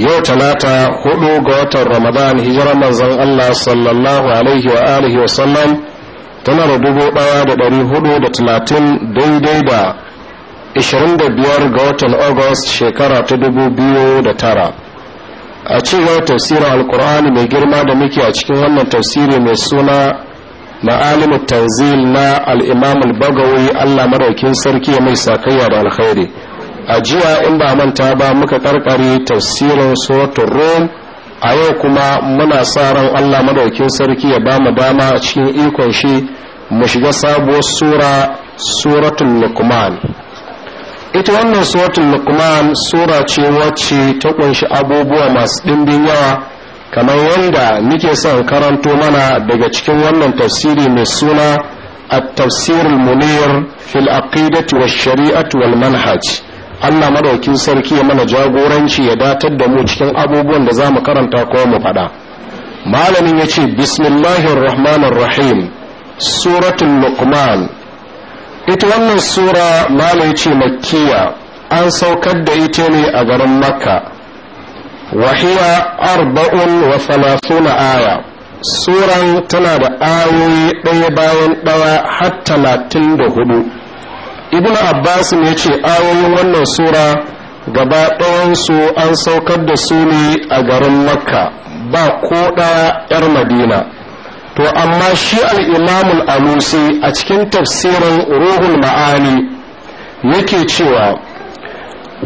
yau talata hudu ga watan ramadan hijirar manzon allah sallallahu alaihi wa alihi wa sallam tana da dubu daya da dari hudu da talatin daidai da ishirin da biyar ga watan august shekara ta dubu biyu da tara a cewar tafsirin alkur'ani mai girma da muke a cikin wannan tafsiri mai suna ma'alimin tanzil na al'imam al-bagawi allah maraikin sarki mai sakayya da alkhairi a jiya in ba manta ba muka karkare tafsirin suratul rum a yau kuma muna sa ran Allah madaukin sarki ya ba mu dama cikin ikon shi mu shiga sabuwar sura suratul luqman ita wannan suratul luqman sura ce wacce ta kunshi abubuwa masu dimbin yawa kamar yadda nike son karanto mana daga cikin wannan tafsiri mai suna التفسير المنير في العقيدة والشريعة والمنهج Allah madaukin sarki ya mana jagoranci ya datar da mu cikin abubuwan da za mu karanta ko mu faɗa malamin ya ce bismillahir rahmanir rahim suratul luqman ita wannan sura malam ya ce makkiya an saukar da ita ne a garin makka wahiya arba'un wa thalathuna aya suran tana da ayoyi ɗaya bayan ɗaya har talatin da hudu ibn abbas ya ce ayoyin wannan sura gaba su an saukar da su ne a garin makka ba ko ɗaya 'yar madina to amma shi al'imamul alusi a cikin tafsirin ruhul ma'ani yake cewa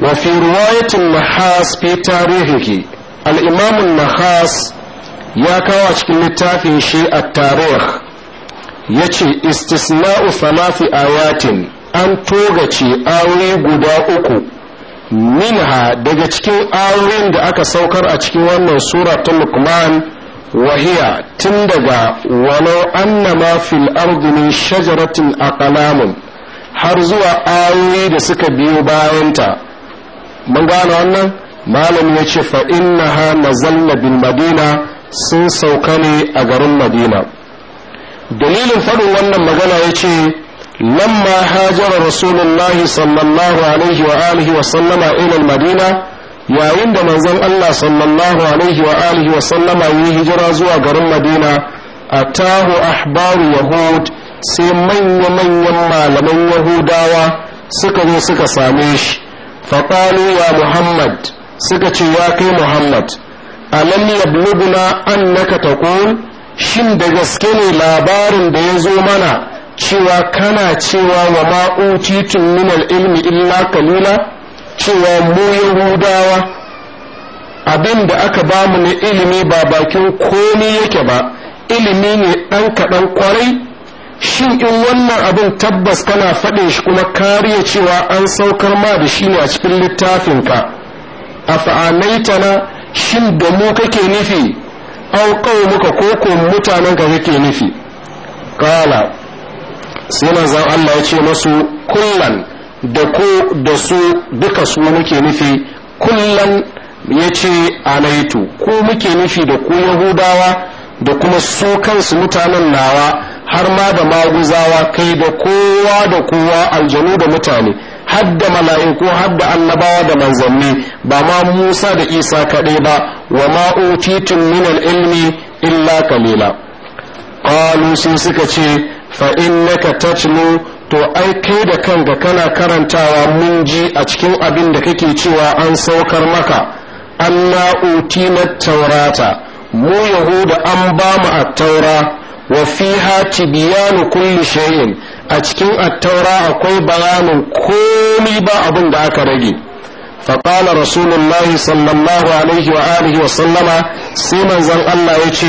wa fi riwayatin nahas fi tarihihi al'imamun nahas ya kawo cikin littafin shi a tarih ya ce istisna'u falafi ayatin an togace aure guda uku minha daga cikin auren da aka saukar a cikin wannan sura ta lukman wahiya tun daga walau annama fil ardi min shajaratin aqlamun har zuwa aure da suka biyo bayanta mun gane wannan malam ya ce fa innaha nazalla bil madina sun sauka ne a garin madina dalilin faɗin wannan magana ya ce لما هاجر رسول الله صلى الله عليه وآله وسلم إلى المدينة yayin da manzon Allah sallallahu alaihi wa alihi wa sallama yi hijira zuwa garin Madina a atahu ahbaru yahud sai manya manyan malaman yahudawa suka zo suka same shi faqalu ya muhammad suka ce ya kai muhammad alam yabluguna annaka taqul shin da gaske ne labarin da ya zo mana cewa kana cewa wa ma'utitun min ilmi illa kalila cewa mu yahudawa abin da aka bamu na ilimi ba bakin komi yake ba ilimi ne ɗan kaɗan kwarai shin in wannan abin tabbas kana faɗin shi kuma kariya cewa an saukar ma da shi ne a cikin littafinka a fa'anaitana shin da mu kake nufi an muka koko mutanen ka kake nufi kala sai zan Allah ya ce masu kullan da ko da su duka su muke nufi kullan ya ce alaitu Ko muke nufi da ku yahudawa da kuma su kansu mutanen nawa har ma da maguzawa kai da kowa da kowa aljanu da mutane har da mala'iku har da annabawa da manzanni ba ma musa da isa kaɗai ba wa ma'utitun min ilmi illa kalila ƙalu suka ce fa innaka tatlu to ai kai da kanka kana karantawa mun ji a cikin abin da kake cewa an saukar maka anna utina taurata mu yahuda an ba mu at-taura wa fiha tibyanu kulli shay'in a cikin at-taura akwai bayanin komai ba abin da aka rage qala rasulullahi sallallahu alaihi wa alihi wa sallama sai manzon Allah yace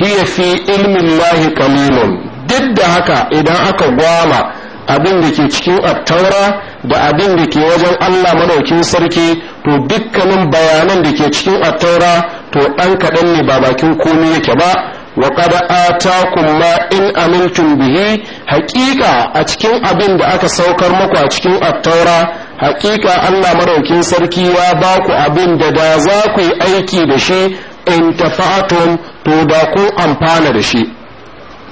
hiya fi ilmi llahi kamilun duk da haka idan aka gwama abin da ke cikin attaura da abin da ke wajen allah madaukin sarki to dukkanin bayanan da ke cikin attaura to ɗan kaɗan ne ba bakin komi yake ba wa qad ataakum ma in amintum bihi haqiqa a cikin abin da aka saukar muku a cikin attaura haqiqa Allah madaukin sarki ya ba ku abin da da za ku yi aiki da shi in to da ku amfana da shi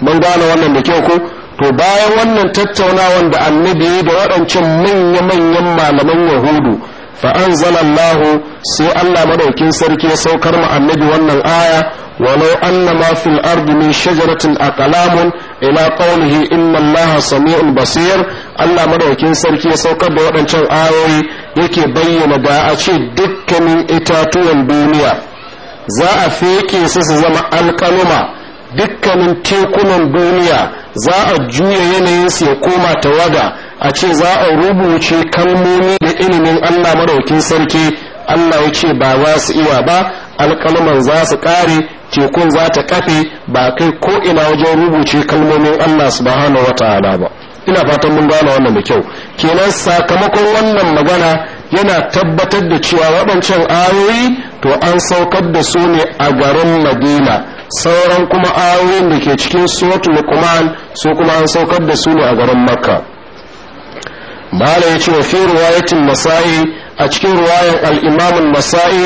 mun gane wannan da kyau ko to bayan wannan tattaunawan da annabi da waɗancan manya-manyan malaman yahudu fa an anzalallahu sai Allah madaukin sarki ya saukar ma annabi wannan aya ولو أن ما في الأرض من شجرة أقلام إلى قوله إن الله سميع بصير Allah maɗaukin sarki ya saukar da waɗancan ayoyi yake bayyana da a ce dukkanin itatuwan duniya za a feke su su zama alƙaluma dukkanin tekunan duniya za a juya yanayinsu ya koma tawada a ce za a rubuce kalmomi da ilimin allah madaukin sarki allah ya ce ba za su iya ba alkalman za su kare tekun za ta kafe ba kai ko ina wajen rubuce kalmomin allah subhanahu wa ta'ala ba ina fatan mun gane wannan da kyau kenan sakamakon wannan magana yana tabbatar da cewa waɗancan ayoyi to an saukar da su ne a garin madina sauran kuma ayoyin da ke cikin suratul luqman su kuma an saukar da su ne a garin makka mala ya ce wa fi riwayatin masai a cikin riwayan al-imam masai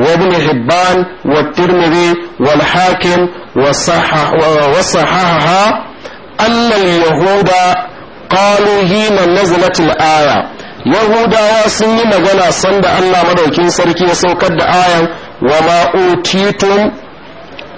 wa ibn hibban wa tirmidhi wal hakim wa sahaha anna yahuda qalu hina nazalat al-aya yahudawa sun yi magana sanda Allah madaukin sarki ya saukar da ayan wa ma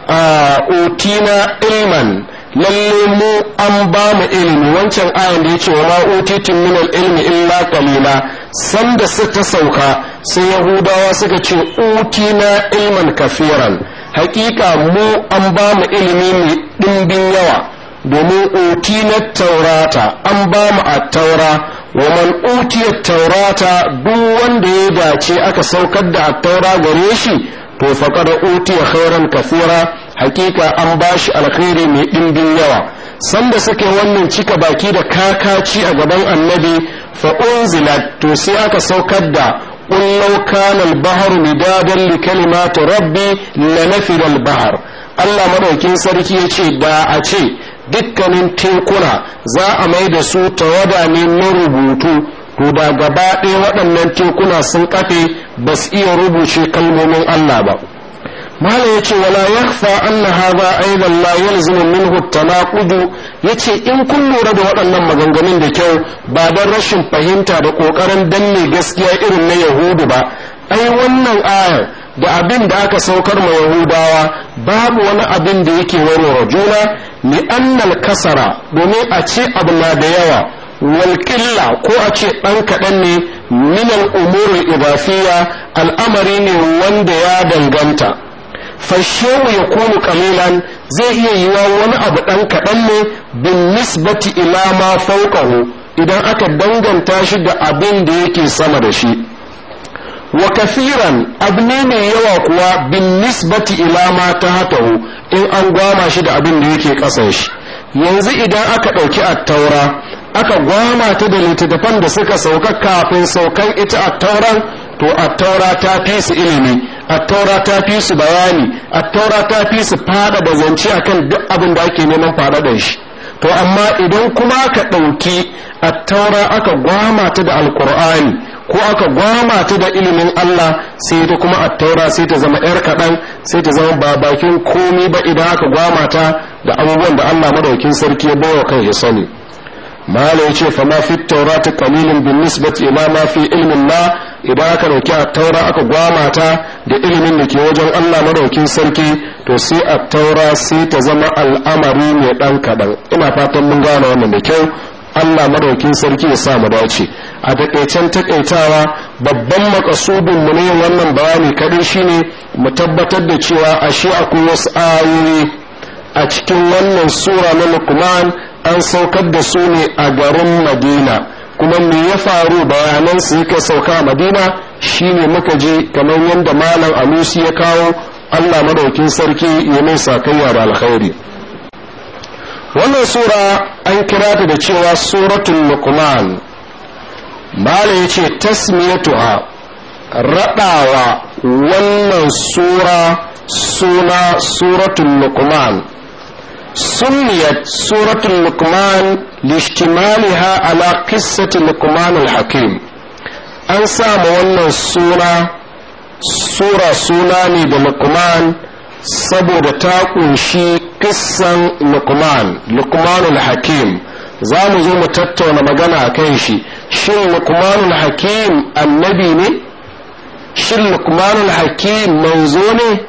utina ilman lalle mu an ba mu ilimi wancan ayan da yake wa ma utitin min ilmi illa qalila sanda suka sauka sai yahudawa suka ce utina ilman kafiran hakika mu an ba mu ilimi mai dimbin yawa domin utina taurata an ba mu a taura wa man utiya taurata duk wanda ya dace aka saukar da attaura gare shi to faƙar utiya khairan kasira hakika an bashi alkhairi mai ɗimbin yawa sanda suke wannan cika baki da kakaci a gaban annabi fa unzila to sai aka saukar da قل لو كان البحر مدادا rabbi ربي لنفد albahar Allah madaukin sarki yace da a ce dukkanin tekuna za a mai da su tawada ne na rubutu to da gaba ɗaya waɗannan tekuna sun kafe ba su iya rubuce kalmomin Allah ba malam ya ce wala ya fa anna hadha aidan la yalzimu minhu tanaqudu yace in kun lura da waɗannan maganganun da kyau ba don rashin fahimta da ƙoƙarin danne gaskiya irin na yahudu ba ai wannan ayar da abin da aka saukar ma yahudawa babu wani abin da yake warware juna ni annal kasara domin a ce abu na da yawa walƙilla ko a ce ɗan kaɗan ne minal umurin ibafiya al'amari ne wanda ya danganta fashewu ya kunu kalilan zai iya yi wa wani abu ɗan kaɗan ne bin nisbati ila ma fauƙahu idan aka danganta shi da abin da yake sama da shi wa kafiran abu ne mai yawa kuwa bin nisbati ila ma ta hatahu in an gwama shi da abin da yake ƙasa shi yanzu idan aka ɗauki attaura aka gwama ta da littattafan da suka sauka kafin saukan ita attauran to attaura ta fi su ilimi attaura ta fi su bayani attaura ta fi su fada da zance akan duk abin da ake neman fada da shi to amma idan kuma ka ɗauki attaura aka gwama ta da alkur'ani ko aka gwama ta da ilimin Allah sai ta kuma a taura sai ta zama yar kaɗan sai ta zama ba bakin komi ba idan aka gwama ta da abubuwan da Allah madaukin sarki ya bawa kan ya sani malai ce fa ma fi taurata kalilin bin nisbat ila ma fi ilmin la idan aka dauki taura aka gwama ta da ilimin da ke wajen Allah madaukin sarki to sai a taura sai ta zama al'amari mai ɗan kaɗan ina fatan mun gane wannan da kyau Allah madaukin sarki ya sa mu dace a takaicen takaitawa babban makasudin mu ne wannan bayani kadai shine mu tabbatar da cewa ashe akwai wasu ayoyi a cikin wannan sura na Luqman an saukar da su ne a garin Madina kuma me ya faru bayanan su yake sauka Madina shine muka je kamar yadda malam Alusi ya kawo Allah madaukin sarki ya mai sakayya da alkhairi wannan sura an kira ta da cewa suratul luqman mala yace tasmiyatuha raɗawa wannan sura suna suratun luqman sunniyat suratun luqman lishtimaliha ala qissati luqman hakim an sama wannan sura sura suna ne da luqman saboda ta kunshi kissan lukman lukmanul hakim za mu zo mu tattauna magana a kan shi shin lukmanul hakim annabi ne shin lukmanul hakim manzo ne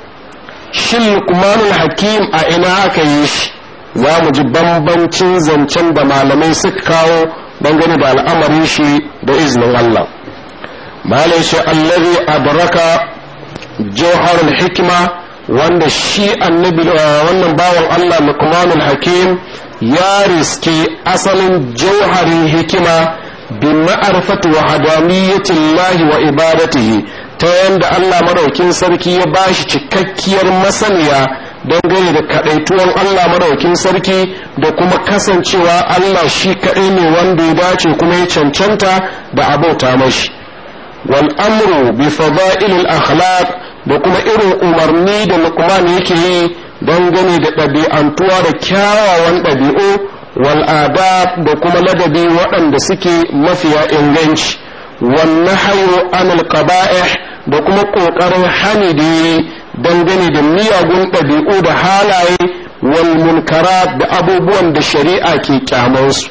shin lukmanul hakim a ina aka yi shi za mu ji bambancin zancen da malamai suka kawo dangane da al'amarin shi da izinin allah malai shi allazi baraka jawharul hikima wanda shi annabi uh, wannan bawan Allah Luqmanul Hakim ya riske asalin jauharin hikima bi ma'rifati wa Allah wa ibadatihi ta yanda Allah madaukin sarki ya bashi cikakkiyar masaniya dangane da tuwon Allah madaukin sarki da kuma kasancewa Allah shi kadai ne wanda ya dace kuma ya cancanta da abota mashi wal amru bi fada'ilil akhlaq da kuma irin umarni da lukman yake yi gani da ɗabi'antuwa da kyawawan ɗabi'u wal'ada da kuma ladabi waɗanda suke mafiya inganci wannan hayo an qaba'ih da kuma ƙoƙarin hani da yi don gani da miyagun ɗabi'u da halaye wal munkara da abubuwan da shari'a ke kyamansu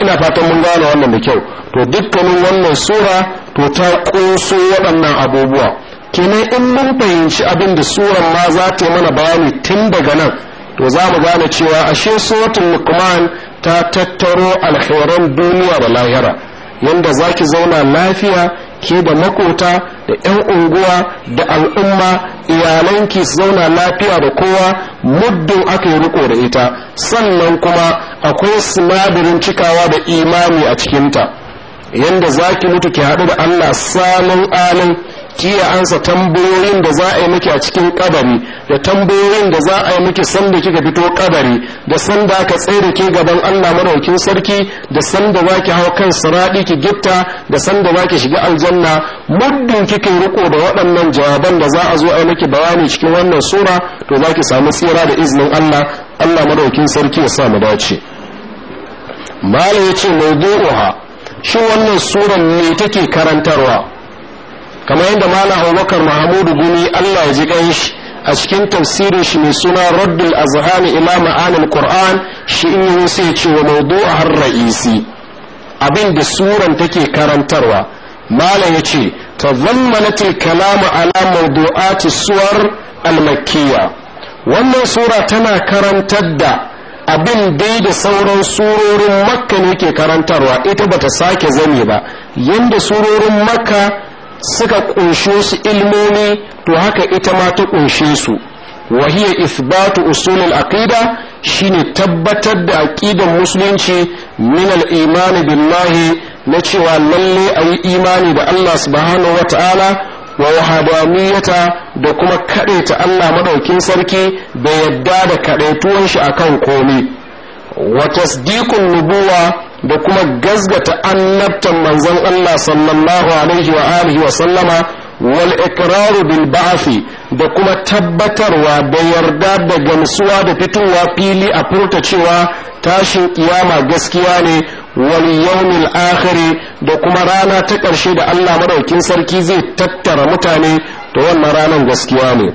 ina fatan mun gane wannan da kyau to dukkanin wannan sura to ta ƙunso waɗannan abubuwa kenan in mun fahimci abin da suran ma za ta yi mana bayani tun daga nan to za mu gane cewa ashe suratul lukman ta tattaro alkhairan duniya da lahira yanda zaki zauna lafiya ke da makota da 'yan unguwa da al'umma iyalanki su zauna lafiya da kowa muddin aka yi riko da ita sannan kuma akwai sinadarin cikawa da imani a cikinta yanda zaki mutu ki haɗu da allah salon alai kiya ya ansa tambayoyin da za a yi miki a cikin kabari da tambayoyin da za a yi miki sanda kika fito kabari da sanda aka tsere ki gaban Allah madaukin sarki da sanda ki hau kan siradi ki gitta da sanda ki shiga aljanna muddin kika riko da waɗannan jawaban da za a zo a yi miki bayani cikin wannan sura to za ki samu tsira da izinin Allah Allah madaukin sarki ya sa mu dace malam mai mawdu'uha shi wannan suran ne take karantarwa kamar yadda malam abubakar mahamudu gumi allah ya ji ganshi a cikin tafsirin shi mai suna raddul azhani ila ma'anil qur'an shi in yi sai ce wa har ra'isi abin da suran take karantarwa malam ya ce tazammanat al-kalam ala mawdu'at suwar al wannan sura tana karantar da abin dai da sauran surorin makka ne ke karantarwa ita bata sake zame ba yanda surorin makka suka kunshe su ilmomi to haka ita ma ta kunshe su wa hiya ithbatu usulul aqida shine tabbatar da aƙidan musulunci min al-iman billahi na cewa lalle yi imani da Allah subhanahu ta'ala wa wahadaniyata da kuma kadaita Allah madaukin sarki da yadda da kadaituwan shi akan komai wa tasdiqun nubuwa da kuma gazgata annabtan manzon Allah sallallahu alaihi wa alihi wa sallama wal iqraru bil da kuma tabbatarwa da yarda da gamsuwa da fitowa fili a furta cewa tashin kiyama gaskiya ne wal yawmil akhir da kuma rana ta ƙarshe da Allah madaukin sarki zai tattara mutane to wannan ranar gaskiya ne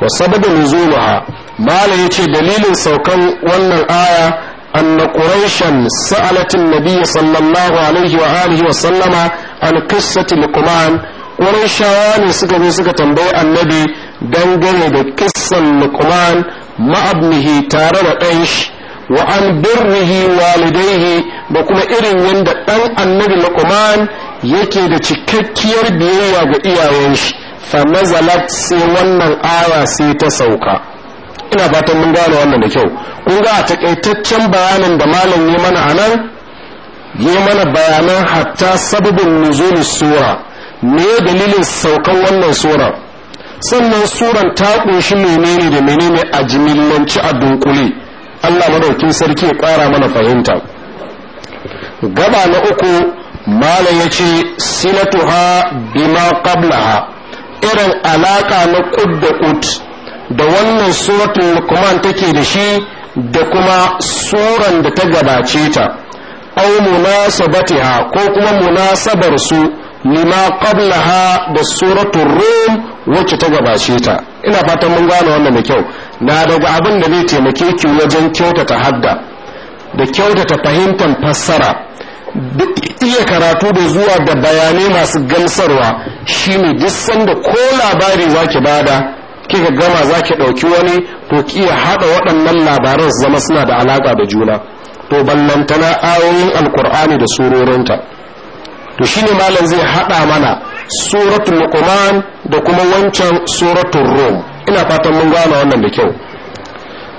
wa sababu nuzulaha mala yace dalilin saukan wannan aya أن قريشا سألت النبي صلى الله عليه وآله وسلم عن قصة لقمان قريشا قريشان سكة سكة تنبيه النبي دنجل بقصة لقمان مع ابنه تارن أيش وعن بره والديه بكما إرن يند أن النبي لقمان yake da cikakkiyar biyayya ga iyayen shi fa nazalat sai ina fatan mun gane wannan da kyau kun ga a takaitaccen bayanin da malam yi mana a nan ya mana bayanan hatta sababin nuzulin sura me dalilin saukan wannan sura sannan suran ta kunshi menene da menene a jimillanci a dunkule Allah madaukin sarki ya kara mana fahimta gaba na uku malam ya ce silatuha bima qablaha irin alaka na kud da kud da wannan suratun lukman take da shi da kuma suran da ta gabace ta au munasabatiha ko kuma munasabar su lima qablaha da suratul rum wacce ta gabace ta ina fatan mun gane wannan da kyau na daga abin da zai taimake ki wajen kyautata hadda da kyautata fahimtar fassara duk iya karatu da zuwa da bayanai masu gamsarwa shine duk sanda ko labari zaki bada kika gama za ki ɗauki wani to kiya haɗa waɗannan labaran su zama suna da alaƙa da juna to ballantana ayoyin alkur'ani da surorinta to shine malam zai haɗa mana suratul luqman da kuma wancan suratul rum ina fatan mun gane wannan da kyau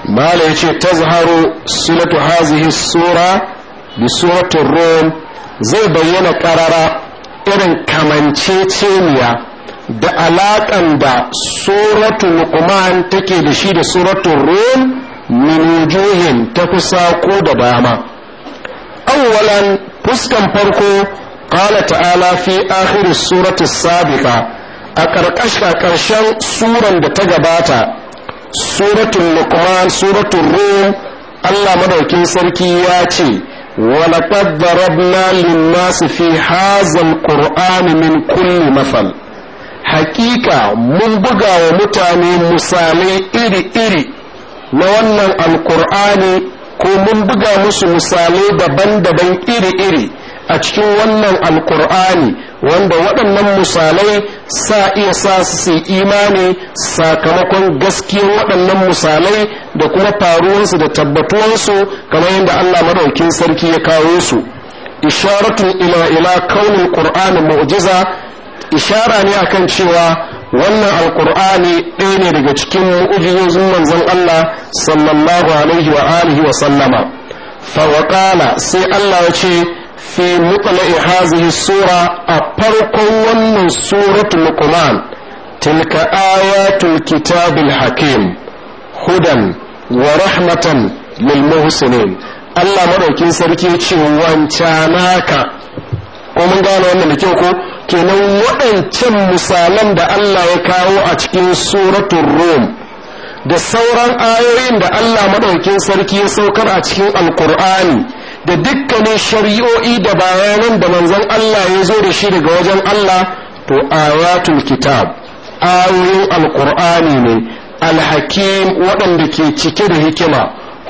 mala yace tazharu silatu hazihi sura bi suratul rum zai bayyana karara irin kamanceceniya da alaƙan da suratu luqman take da shi da suratu rum min wujuhin ta kusa ko da dama awwalan fuskan farko qala ta'ala fi akhir surati sabiqa a karkashin karshen suran da ta gabata suratul luqman suratul rum Allah madaukin sarki ya ce ولقد ضربنا للناس في هذا القرآن من كل مثل hakika mun buga wa mutane misalai iri-iri na wannan alkur'ani ko mun buga musu misalai daban-daban iri-iri a cikin wannan alkur'ani wanda waɗannan misalai sa iya sa su imani sakamakon gaskiyar waɗannan misalai da kuma faruwarsu da tabbatuwarsu kamar yadda allah madaukin sarki ya kawo su isharatun ila ila kaunin qur'ani mu'jiza ishara ne akan cewa wannan alkur'ani ɗaya ne daga cikin mu'ujizozin manzon Allah sallallahu alaihi wa alihi wa sallama fawaqala sai Allah ya ce fi mutla'i hazihi sura a farkon wannan suratul luqman tilka ayatul kitabil hakim hudan wa rahmatan lil muhsinin Allah madaukin sarki ya ce wancanaka ko mun gane wannan da kyau ko kenan waɗancan misalan da Allah ya kawo a cikin suratun Rum da sauran ayoyin da Allah maɗaukin sarki ya saukar a cikin alkur'ani da dukkanin shari'o'i da bayanan da manzon Allah ya zo da shi daga wajen Allah to ayatul kitab ayoyin alkur'ani ne alhakim waɗanda ke cike da hikima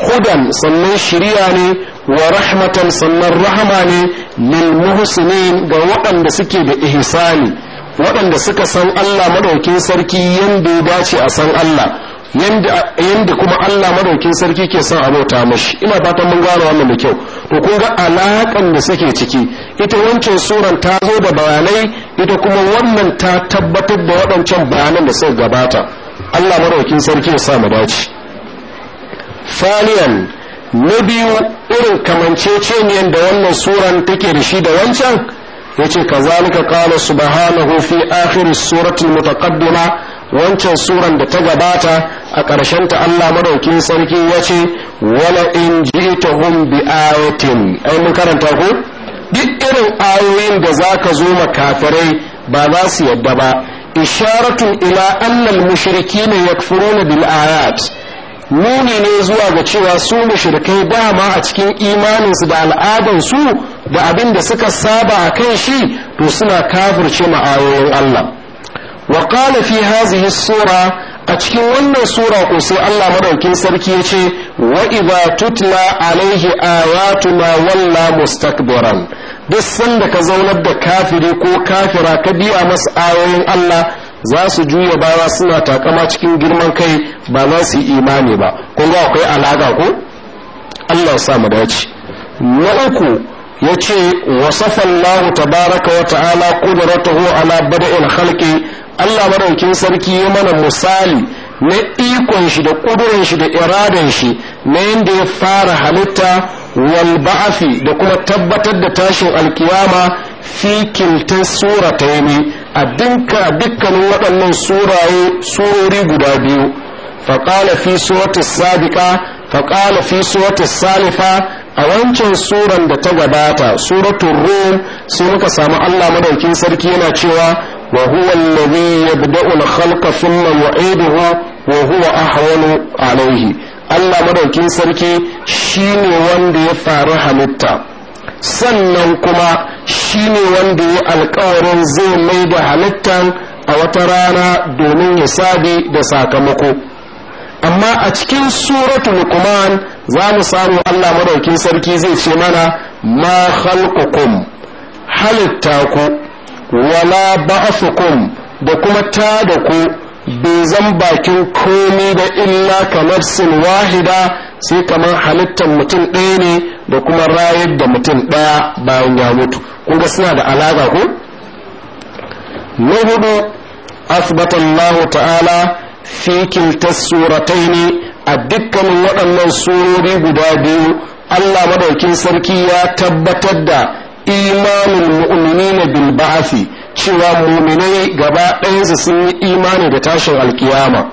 hudan sannan shiri'a ne wa rahmatan sannan rahama ne lil muhsinin ga waɗanda suke da ihsani waɗanda suka san Allah madaukin sarki yanda ya dace a san Allah yanda kuma Allah madaukin sarki ke son abota mashi ina fatan mun gano wannan da kyau to kun ga alaƙan da suke ciki ita wancan suran ta zo da bayanai ita kuma wannan ta tabbatar da waɗancan bayanan da suka gabata Allah madaukin sarki ya sa mu dace faliyan na biyu irin kamanceceniyar da wannan suran take da shi da wancan yace kazalika qala subhanahu fi akhir surati mutaqaddima wancan suran da ta gabata a ƙarshen ta Allah madaukin sarki ya ce wala in ji'tahum bi ayatin ai mun karanta ko duk irin ayoyin da zaka zo makafirai ba za su yadda ba isharatun ila annal mushrikeena yakfuruna bil ayat nuni ne zuwa ga cewa su mushrikai dama a cikin imaninsu da al'adansu da abin da suka saba a kan shi to suna kafirce ma'ayoyin Allah wa qala fi hazihi sura a cikin wannan sura ko sai Allah madaukin sarki ya ce wa idza tutla alaihi ayatuna walla mustakbiran duk sanda ka zaunar da kafiri ko kafira ka biya masa ayoyin Allah za su juya baya suna takama cikin girman kai ba za su yi imani ba kun ga akwai alaka ko Allah sa mu dace na uku yace wasafa Allah tabaraka wa ta'ala qudratuhu ala bada'il khalqi Allah madaukin sarki ya mana misali na ikon shi da kudurin shi da iradan shi na yadda ya fara halitta wal ba'afi da kuma tabbatar da tashin alkiyama fi kiltin sura a dinka dukkanin waɗannan suraye surori guda biyu faƙala fi suwata sabiƙa faƙala fi suwata salifa a wancan suran da ta gabata suratun rum sai muka samu Allah madaukin sarki yana cewa wa huwa allazi yabda'u al-khalqa thumma yu'iduhu wa huwa ahwanu alayhi Allah madaukin sarki shine wanda ya faru halitta sannan kuma shi ne wanda ya alkawarin zai mai da halittan a wata rana domin ya sabi da sakamako amma a cikin suratu lukman za mu samu allah madaukin sarki zai ce mana ma khalqukum halitta ku wala ba'thukum da kuma ta da ku bai zan bakin komai da illa kamar nafsin wahida sai kamar halittar mutum ɗaya ne da kuma rayar da mutum ɗaya bayan ya mutu kun suna da alaƙa ko na hudu asibatan ta'ala fikin tasuratai ne a dukkanin waɗannan surori guda biyu Allah madaukin sarki ya tabbatar da imanin mu'minina bil ba'afi cewa mu'minai gaba ɗayansu sun yi imani da tashin alkiyama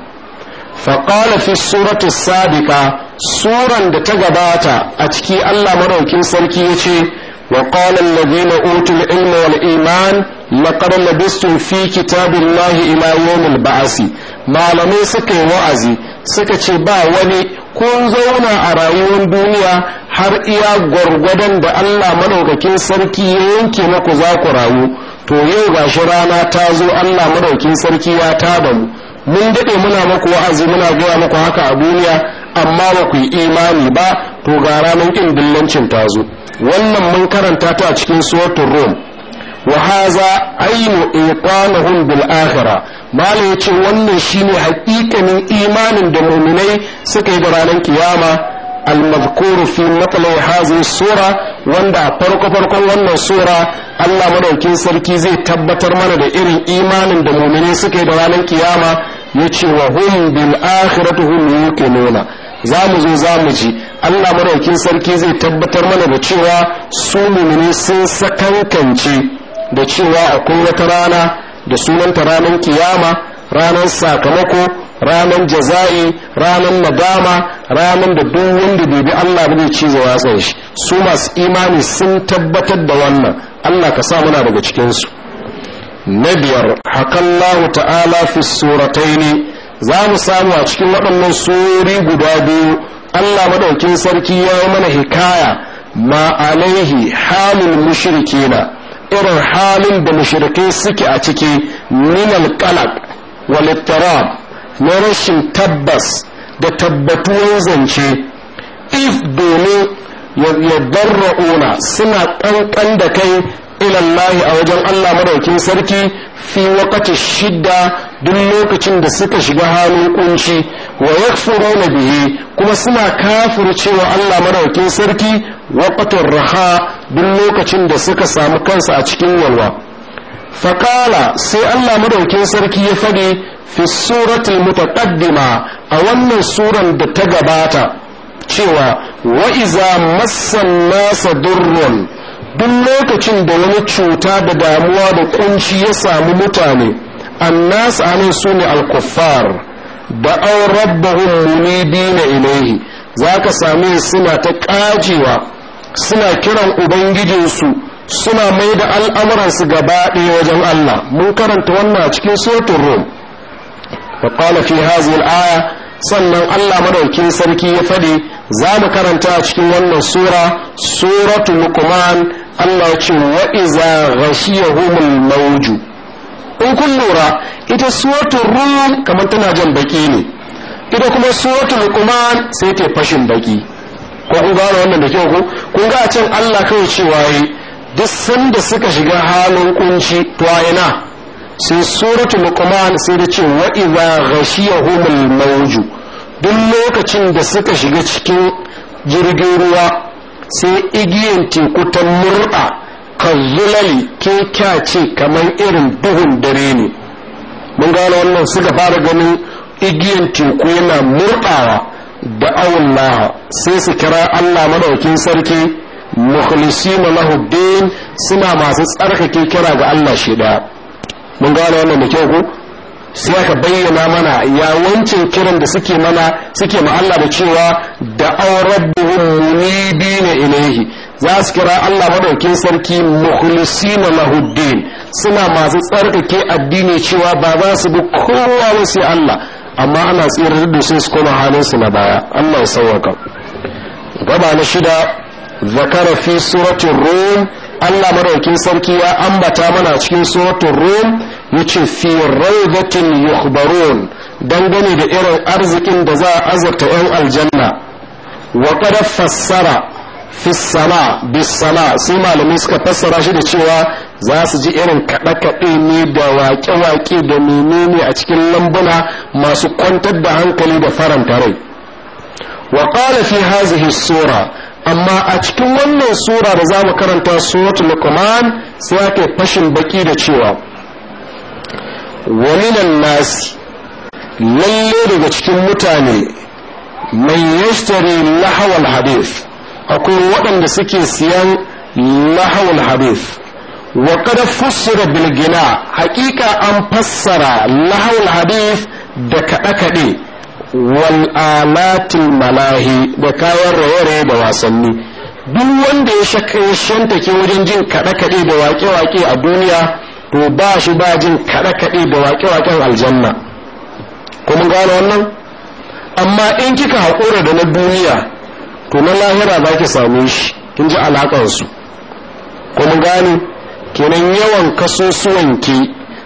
faƙala fi suratu sadiƙa. suran da ta gabata a ciki Allah maraukin sarki ya ce wa qala alladhina utul ilma wal iman laqad labistum fi kitabillahi ila yawmil ba'si malamai suka yi wa'azi suka ce ba wani kun zauna a rayuwar duniya har iya gwargwadon da Allah maɗaukakin sarki ya yanke maku za ku rayu to yau gashi rana ta zo Allah maɗaukin sarki ya tada mu mun dade muna muku wa'azi muna gaya muku haka a duniya amma ba ku yi imani ba to ga ranar ƙin dillancin wannan mun karanta ta cikin suwatun rom wa haza ainu iqanuhum bil akhirah malai yace wannan shine haqiqanin imanin da mu'minai suka yi da ranar kiyama al madhkuru fi matla hazi sura wanda farko farkon wannan sura Allah madaukin sarki zai tabbatar mana da irin imanin da mu'minai suka yi da ranar kiyama yace wa hum bil akhiratuhum yuqinuna za mu zo za mu ji allah maraukin sarki zai tabbatar mana da cewa su mummuni sun sakankance da cewa akwai wata rana da sunanta ranar kiyama ranar sakamako ranar jaza'i ranar nadama ranar da duk wanda bai allah ba zai cizo watsan shi su masu imani sun tabbatar da wannan allah ka sa muna daga cikinsu na biyar haƙallahu ta'ala fi suratai ne za mu samu a cikin waɗannan sori guda biyu allah maɗaukin sarki ya yi mana hikaya ma alaihi halin na irin halin da mushrikai suke a ciki minal kalak walittarab na rashin tabbas da tabbatuwan zance if domin ya barra'una suna ƙanƙan da kai ilallahi a wajen Allah maɗaukin sarki fi wakati shidda duk lokacin da suka shiga halin kunci wa yakfuruna bihi kuma suna kafircewa Allah madaukakin sarki waqtur raha duk lokacin da suka samu kansu a cikin walwa faƙala sai Allah madaukin sarki ya fade fi suratul mutaqaddima a wannan suran da ta gabata cewa wa iza massan nasa durrun duk lokacin da wani cuta da damuwa da kunci ya samu mutane annas anan su ne alkuffar da an rabbahum munibina ilaihi za ka same suna ta kajewa suna kiran ubangijinsu suna mai da al'amuransu gaba ɗaya wajen Allah mun karanta wannan a cikin sotun rum da ƙwala fi hazin aya sannan Allah madaukin sarki ya faɗi za mu karanta a cikin wannan sura suratu Mukuman, Allah ce wa'iza ghashiyahumul mawju in kun lura ita suratul rum kamar tana jan baki ne ita kuma suratul luqman sai ta fashin baki ko kun gano wannan da kyau ko kun ga a can Allah kawai cewa yi duk sanda suka shiga halin kunci to ayina sai suratul luqman sai da ce wa idza ghashiyahumul mawju duk lokacin da suka shiga cikin jirgin ruwa sai igiyan teku ta murɗa kazzulali ke kyace kamar irin duhun dare ne mun gano wannan suka fara ganin igiyan teku yana murɗawa da laha sai su kira allah madaukin sarki mukhlisina lahu din suna masu tsarkake kira ga allah shi ɗaya mun gano wannan da kyau ko sai aka bayyana mana ya kiran da suke mana suke ma Allah da cewa da rabbuhum munibina ilaihi za su kira Allah madaukin sarki mukhlisina lahuddin suna masu tsarkake addini cewa ba za su bi kowa ba sai Allah amma ana tsirar da su su koma halin su na baya Allah ya sauwaka gaba na shida zakara fi suratul rum Allah madaukin sarki ya ambata mana cikin suratul rum yace fi rawdatin yukhbarun dangane da irin arzikin da za a azurta yan aljanna wa qad fassara fi sama sai malamai suka fassara shi da cewa za su ji irin kaɗe-kaɗe ne da waƙe-waƙe da menene a cikin lambuna masu kwantar da hankali da faranta rai wa qala fi hazihi sura amma a cikin wannan sura da za mu karanta suratul luqman sai ake fashin baki da cewa waminan nasi lalle daga cikin mutane mai yashtari lahawal hadith akwai waɗanda suke siyan lahawal hadith wa qad fassara bil gina haƙiƙa an fassara lahawal hadith da kaɗe-kaɗe wal alatil malahi da kayan raye-raye da wasanni duk wanda ya shanta ke wajen jin kaɗe-kaɗe da wake wake a duniya to ba shi ba jin kaɗe-kaɗe da waƙe-waƙen aljanna kuma gano wannan amma in kika haƙura da na duniya to na lahira za ki same shi in ji ko kuma gane kenan yawan kasusuwanki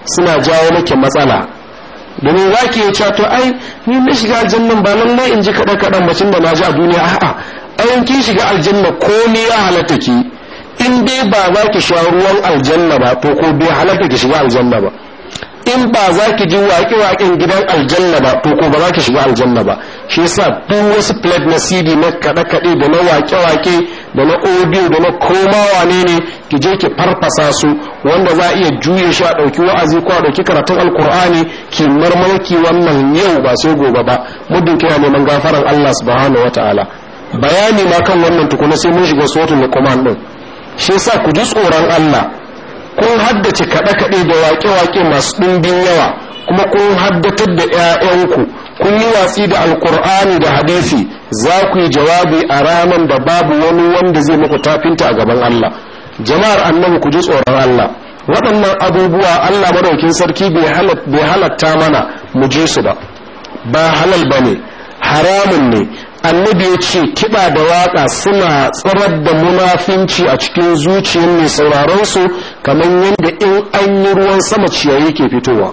suna jawo maki matsala domin za ki yi to ai ni na shiga aljannan ba lallai in ji kaɗe-kaɗen bacin da na ji a duniya a'a ayin kin shiga aljanna ko ni ya halatta ki in dai ba za ki sha ruwan aljanna ba to ko bai halatta ki shiga aljanna ba in ba za ki ji waƙe-waƙen gidan aljanna ba to ko ba za ki shiga aljanna ba shi yasa duk wasu plate na cd na kaɗe-kaɗe da na waƙe-waƙe da na audio da na koma ne ne ki je ki farfasa su wanda za a iya juye shi a ɗauki wa'azi ko a ɗauki karatun alkur'ani ki marmarki wannan yau ba sai gobe ba muddin kina neman gafaran allah subhanahu wataala bayani ma kan wannan tukuna sai mun shiga da luqman din shi yasa ku ji tsoron Allah kun haddace kaɗe-kaɗe da waƙe-waƙe masu ɗumbin yawa kuma kun haddatar da 'ya'yanku kun yi watsi da alkur'ani da hadisi za ku yi jawabi a ranar da babu wani wanda zai muku tafinta a gaban Allah jama'ar annabi ku ji tsoron Allah waɗannan abubuwa Allah madaukin sarki bai halatta mana mu je su ba ba halal bane haramun ne annabi ya ce kiɗa da waƙa suna tsirar da munafinci a cikin zuciyar mai sauraron su kamar yadda in an yi ruwan sama ciyayi ke fitowa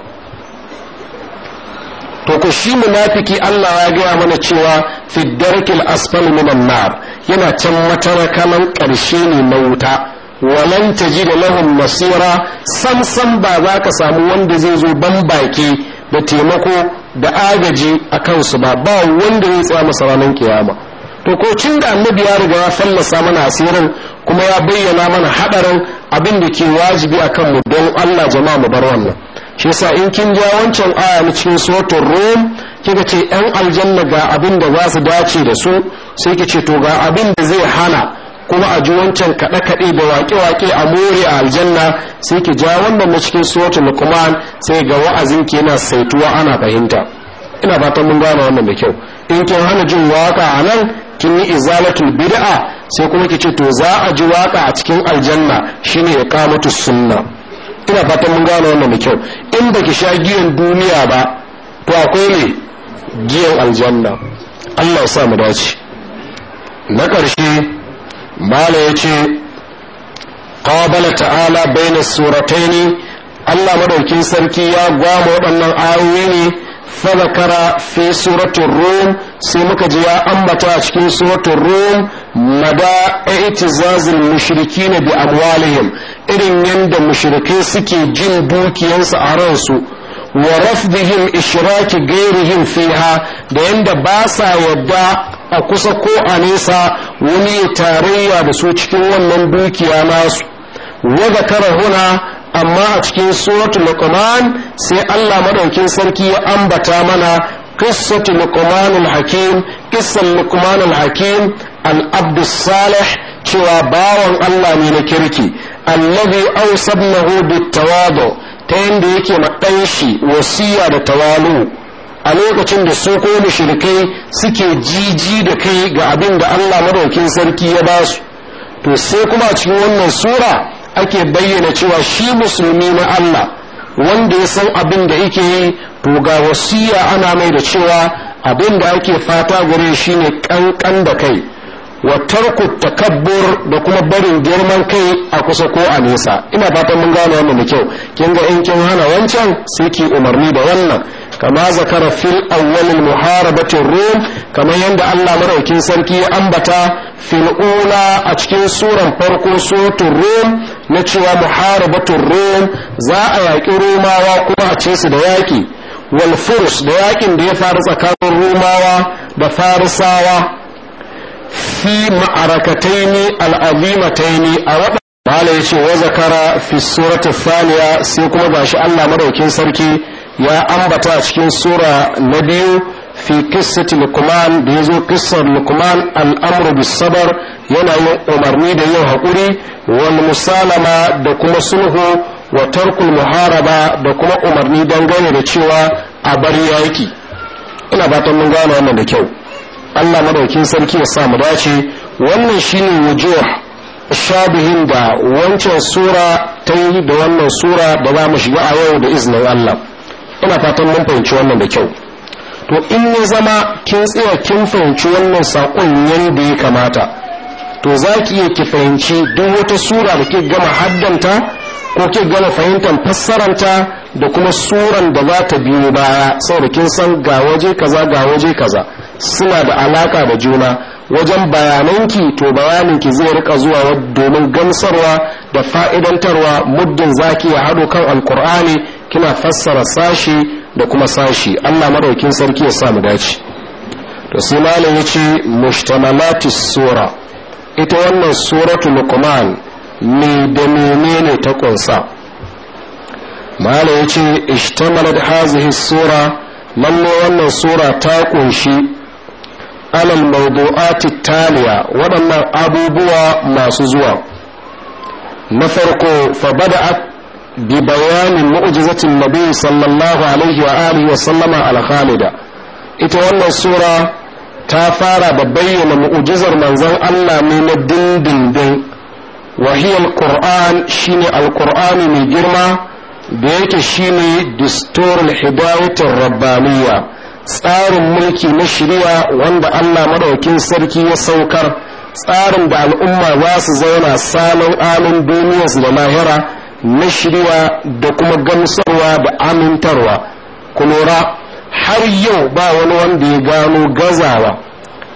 to ku shi munafiki Allah ya gaya mana cewa fiddarkil asfal minan nar yana can matarakalan ƙarshe ne na wuta walan da lahum nasira sam sam ba za ka samu wanda zai zo ban baki da taimako da agaji a kansu ba ba wanda ya tsaya masa ranar kiyama to ko cin da annabi ya riga ya fallasa mana asirin kuma ya bayyana mana hadarin abin da ke wajibi a kanmu don Allah jama'a mu bar wannan shi yasa in kin ja wancan aya na cikin suratul rum kika ce yan aljanna ga abin da za su dace da su sai ki ce to ga abin da zai hana kuma a ji wancan kaɗe-kaɗe da waƙe-waƙe a more a aljanna sai ki ja wannan na cikin suratul kuma sai ga wa'azin ki yana saituwa ana fahimta ina fatan mun gane wannan da kyau in kin hana jin waka a nan kin yi izalatul bid'a sai kuma ki ce to za a ji waka a cikin aljanna shine iqamatu sunna ina fatan mun gane wannan da kyau in baki sha giyan duniya ba to akwai ne giyan aljanna Allah ya sa mu dace na ƙarshe bala ya ce qabala ta'ala bayna ne Allah maɗaukin sarki ya gwama waɗannan ayoyi ne fadakara fi suratun rum sai muka ji ya ambata a cikin suratun rum mada mushiriki na bi amwalihim irin yadda mushrikai suke jin dukiyansu a ransu wa rafdihim ishraki gairihim fiha da yanda ba sa yadda a kusa ko a nesa wani ya tarayya da su cikin wannan dukiya nasu wa zakara huna amma a cikin suratul luqman sai Allah madaukin sarki ya ambata mana قصة لقمان hakim قصة لقمان salih cewa bawan شوى باوان الله من كركي الذي أوصبنه بالتواضع ta yadda yake maɗan shi wasiya da tawalu a lokacin da su ko shirkai suke jiji da kai ga abin da Allah madaukin sarki ya ba su to sai kuma cikin wannan sura ake bayyana cewa shi musulmi na Allah wanda ya san abin da yake yi to ga wasiya ana mai da cewa abin da ake fata gare shi ne kankan da kai wa tarku takabbur da kuma barin girman kai a kusa ko a nesa ina fatan mun gane wannan da kyau kin ga in kin hana wancan sai ki umarni da wannan kama zakara fil awwal muharabati rum kamar yanda Allah maraukin sarki ya ambata fil ula a cikin suran farko suratul rum na cewa muharabatul rum za a yaƙi rumawa kuma a ce su da yaƙi wal furs da yaƙin da ya faru tsakanin rumawa da farisawa fi ma'arakataini al'azimataini a waɗanda Bala ya ce wa zakara fi suratu thaniya sai kuma ba shi Allah madaukin sarki ya ambata a cikin sura na biyu fi kissati lukman da ya zo kissar lukman al'amru bisabar yana yin umarni da yin haƙuri wal musalama da kuma sulhu wa tarkul muharaba da kuma umarni dangane da cewa a bar yaki ina fatan mun gane wannan da kyau Allah madaukin sarki ya sa mu dace wannan shine wujuh shabihin da wancan sura ta yi da wannan sura da za mu shiga a yau da iznin Allah ina fatan mun fahimci wannan da kyau to in ya zama kin tsaya kin fahimci wannan sakon yanda ya kamata to za ki iya ki fahimci duk wata sura da ke gama haddanta ko ke gama fahimtar fassaranta da kuma suran da za ta biyo baya saboda kin san ga waje kaza ga waje kaza suna da alaka da juna wajen bayananki to bayaninki zai rika zuwa domin gamsarwa da fa'idantarwa muddin zaki ya hadu kan alkur'ani kina fassara sashi da kuma sashi allah maɗaukin sarki ya sa mu dace to sai malam ya ce mushtamalatis sura ita wannan suratu luqman me da menene ta kunsa malam ya ce ishtamalat hazihi sura lalle wannan sura ta kunshi alal mawdu'ati taliya waɗannan abubuwa masu zuwa na farko fabada bada'at bi bayanin mu'jizatin nabi sallallahu alaihi wa alihi wa sallama al ita wannan sura ta fara da bayyana mu'jizar manzon Allah ne na dindindin wahiyar quran shine mai girma da yake shine dasturul hidayatar rabbaniyya tsarin mulki na shirya wanda Allah madaukin sarki ya saukar tsarin da al'umma za su zauna salon alin duniya da lahira na shirya da kuma gamsarwa da amintarwa kulura har yau ba wani wanda ya gano gazawa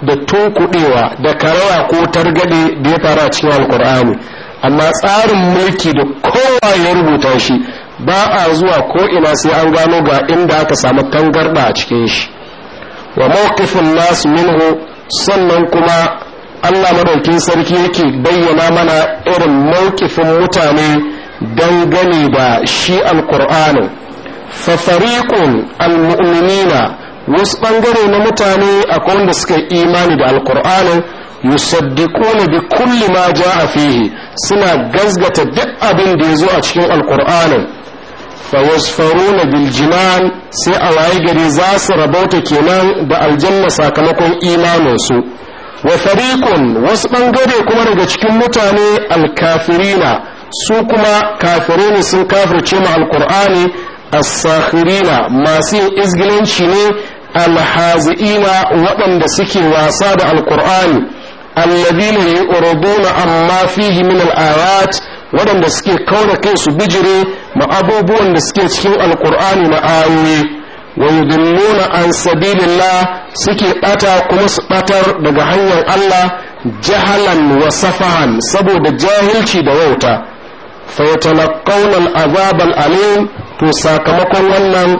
da tunkuɗewa da karawa ko targade da ya fara cikin alkur'ani amma tsarin mulki da kowa ya rubuta shi ba a zuwa ko'ina sai an gano ga inda aka samu tangarɗa a cikin shi wa mawqifin nasu minhu sannan kuma allah madaukin sarki yake bayyana mana irin mawqifin mutane dangane da shi alkur'ani fa fariqun almu'minina wasu ɓangare na mutane akwai wanda suka imani da alkur'ani yusaddiquna bi kulli ma ja'a fihi suna gazgata duk abin da ya zo a cikin alkur'anin fawasfaruna bil jinan sai a waye gari za su rabauta kenan da aljanna sakamakon imaninsu wa fariqun wasu bangare kuma daga cikin mutane alkafirina su kuma kafire ne sun kafirce mu al'kur'ani as masu yin izgilanci ne alhazi'ina waɗanda suke wasa da alqur'ani alladhina yu'riduna amma fihi min al-ayat waɗanda suke kauna kai su bijire ma abubuwan da suke cikin alkur'ani na ayoyi wa an sabilillah suke ɓata kuma su ɓatar daga hanyar Allah jahalan wa safahan saboda jahilci da wauta fa yatalaqawna al'azab al'alim to sakamakon wannan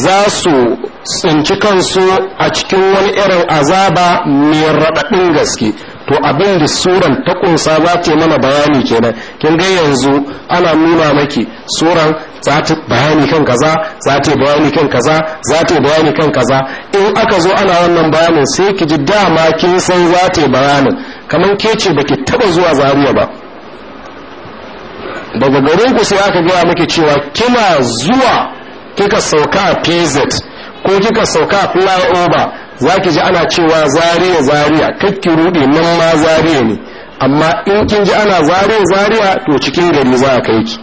za su tsinci kansu a cikin wani irin azaba mai raɗaɗin gaske to abin da suran ta kunsa za ta mana bayani kenan kin ga yanzu ana nuna maki suran za ta bayani kan kaza za ta bayani kan kaza za ta bayani kan kaza in aka zo ana wannan bayanin sai ki ji dama kin san za ta bayanin kamar ke ce baki taba zuwa Zariya ba daga garin ku sai aka gaya maki cewa kina zuwa kika sauka a pz ko kika sauka flyover za ki ji ana cewa zariya zariya kakki rude nan ma zariya ne amma in kin ji ana zariya zariya to cikin gari za a kai ki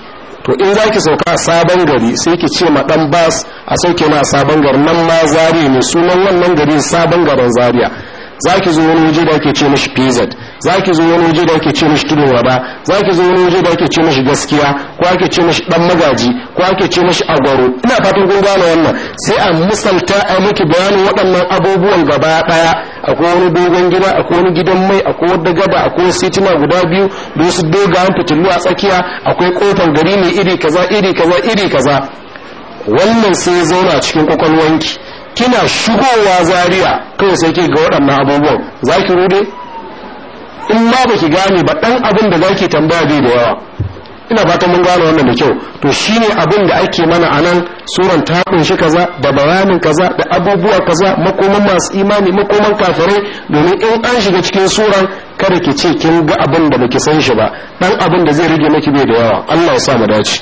to in za ki sauka a sabon gari sai ki ce ma dan bas a sauke ma sabon gari nan ma zariya ne sunan wannan gari sabon garin zariya za ki zo wani waje da ake ce mashi pz za ki zo wani waje da ake ce mashi tudun raba za ki zo wani waje da ake ce mashi gaskiya ko ake ce mashi dan magaji ko ake ce mashi agwaro ina fatan kun gane wannan sai a misalta a miki bayanin waɗannan abubuwan gaba ɗaya akwai wani dogon gida akwai wani gidan mai akwai wadda gaba akwai sitina guda biyu da wasu dogayen fitilu a tsakiya akwai kofar gari mai iri kaza iri kaza iri kaza wannan sai ya zauna cikin kwakwalwanki kina shigowa zaria kawai sai ke ga waɗannan abubuwan za ki rude in ma baki gane ba dan abin da zaki tambaya bai da yawa ina fata mun gane wannan da kyau to shine abin da ake mana anan suran ta kunshi kaza da bayanin kaza da abubuwa kaza makoman masu imani makoman kafirai domin in an shiga cikin suran kada ki ce kin ga abin da baki san shi ba dan abin da zai rage maki bai da yawa Allah ya sa mu dace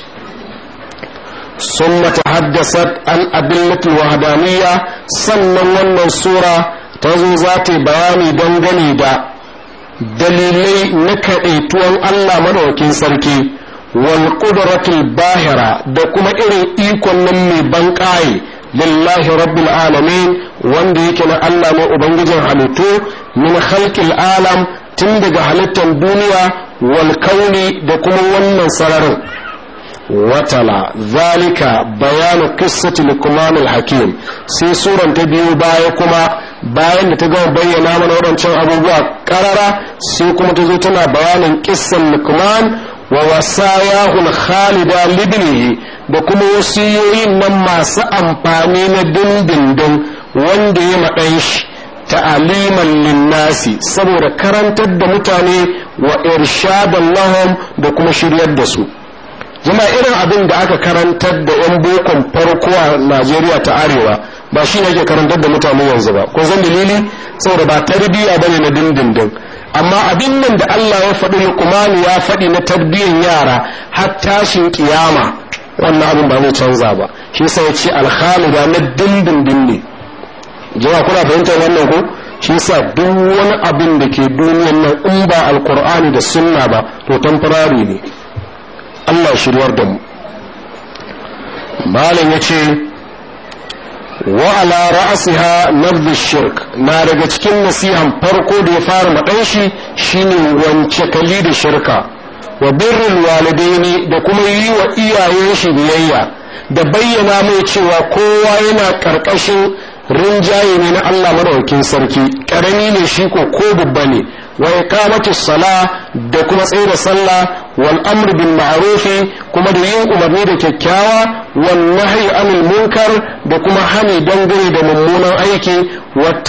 ثم تحدثت عن wa الوحدانية sannan wannan sura ta zo za ta bayani dangane da dalilai na kaɗaituwan Allah madawakin sarki wal ƙudurakin bahira da kuma irin ikon nan mai banƙaye lillahi rabbil alamin wanda yake na Allah mai ubangijin halittu min khalqil alam tun daga halittar duniya wal kauni da kuma wannan sararin watala zalika bayanu kissati luqman hakim sai suran ta biyu baya kuma bayan da ta gama bayyana mana waɗancan abubuwa karara sai kuma ta zo tana bayanin ƙisan lukman wa wasayahul khalida libnihi da kuma wasiyoyin nan masu amfani na dindindin wanda ya maɗan shi ta'aliman linnasi saboda karantar da mutane wa irshadan lahum da kuma shiryar da su jama'a irin abin da aka karantar da yan bokon farko a najeriya ta arewa ba shi ne ke karantar da mutane yanzu ba ko zan dalili saboda ba tarbiyya bane na dindindin amma abin nan da allah ya faɗi lukumanu ya faɗi na tarbiyyar yara har tashin kiyama wannan abin ba zai canza ba shi sa ya ce alhamida na dindindin ne jama'a kuna fahimtar wannan ko shi sa duk wani abin da ke duniyan nan in ba alkur'ani da sunna ba to tamfarari ne Allah ruwar da mu malam ya ce wa'ala ra'asiha nabdu shirk na daga cikin nasihan farko da ya fara maɗan shi shine wance kali da shirka wa birrin walidaini da kuma yi wa iyayen shi biyayya da bayyana mai cewa kowa yana karkashin rinjaye ne na Allah madaukakin sarki karami ne shi ko ko babba ne wa iqamatu sala da kuma tsaye sallah wal amru bil ma'ruf kuma da yin umarni da kyakkyawa wal nahyi anil munkar da kuma hani dangane da mummunan aiki wat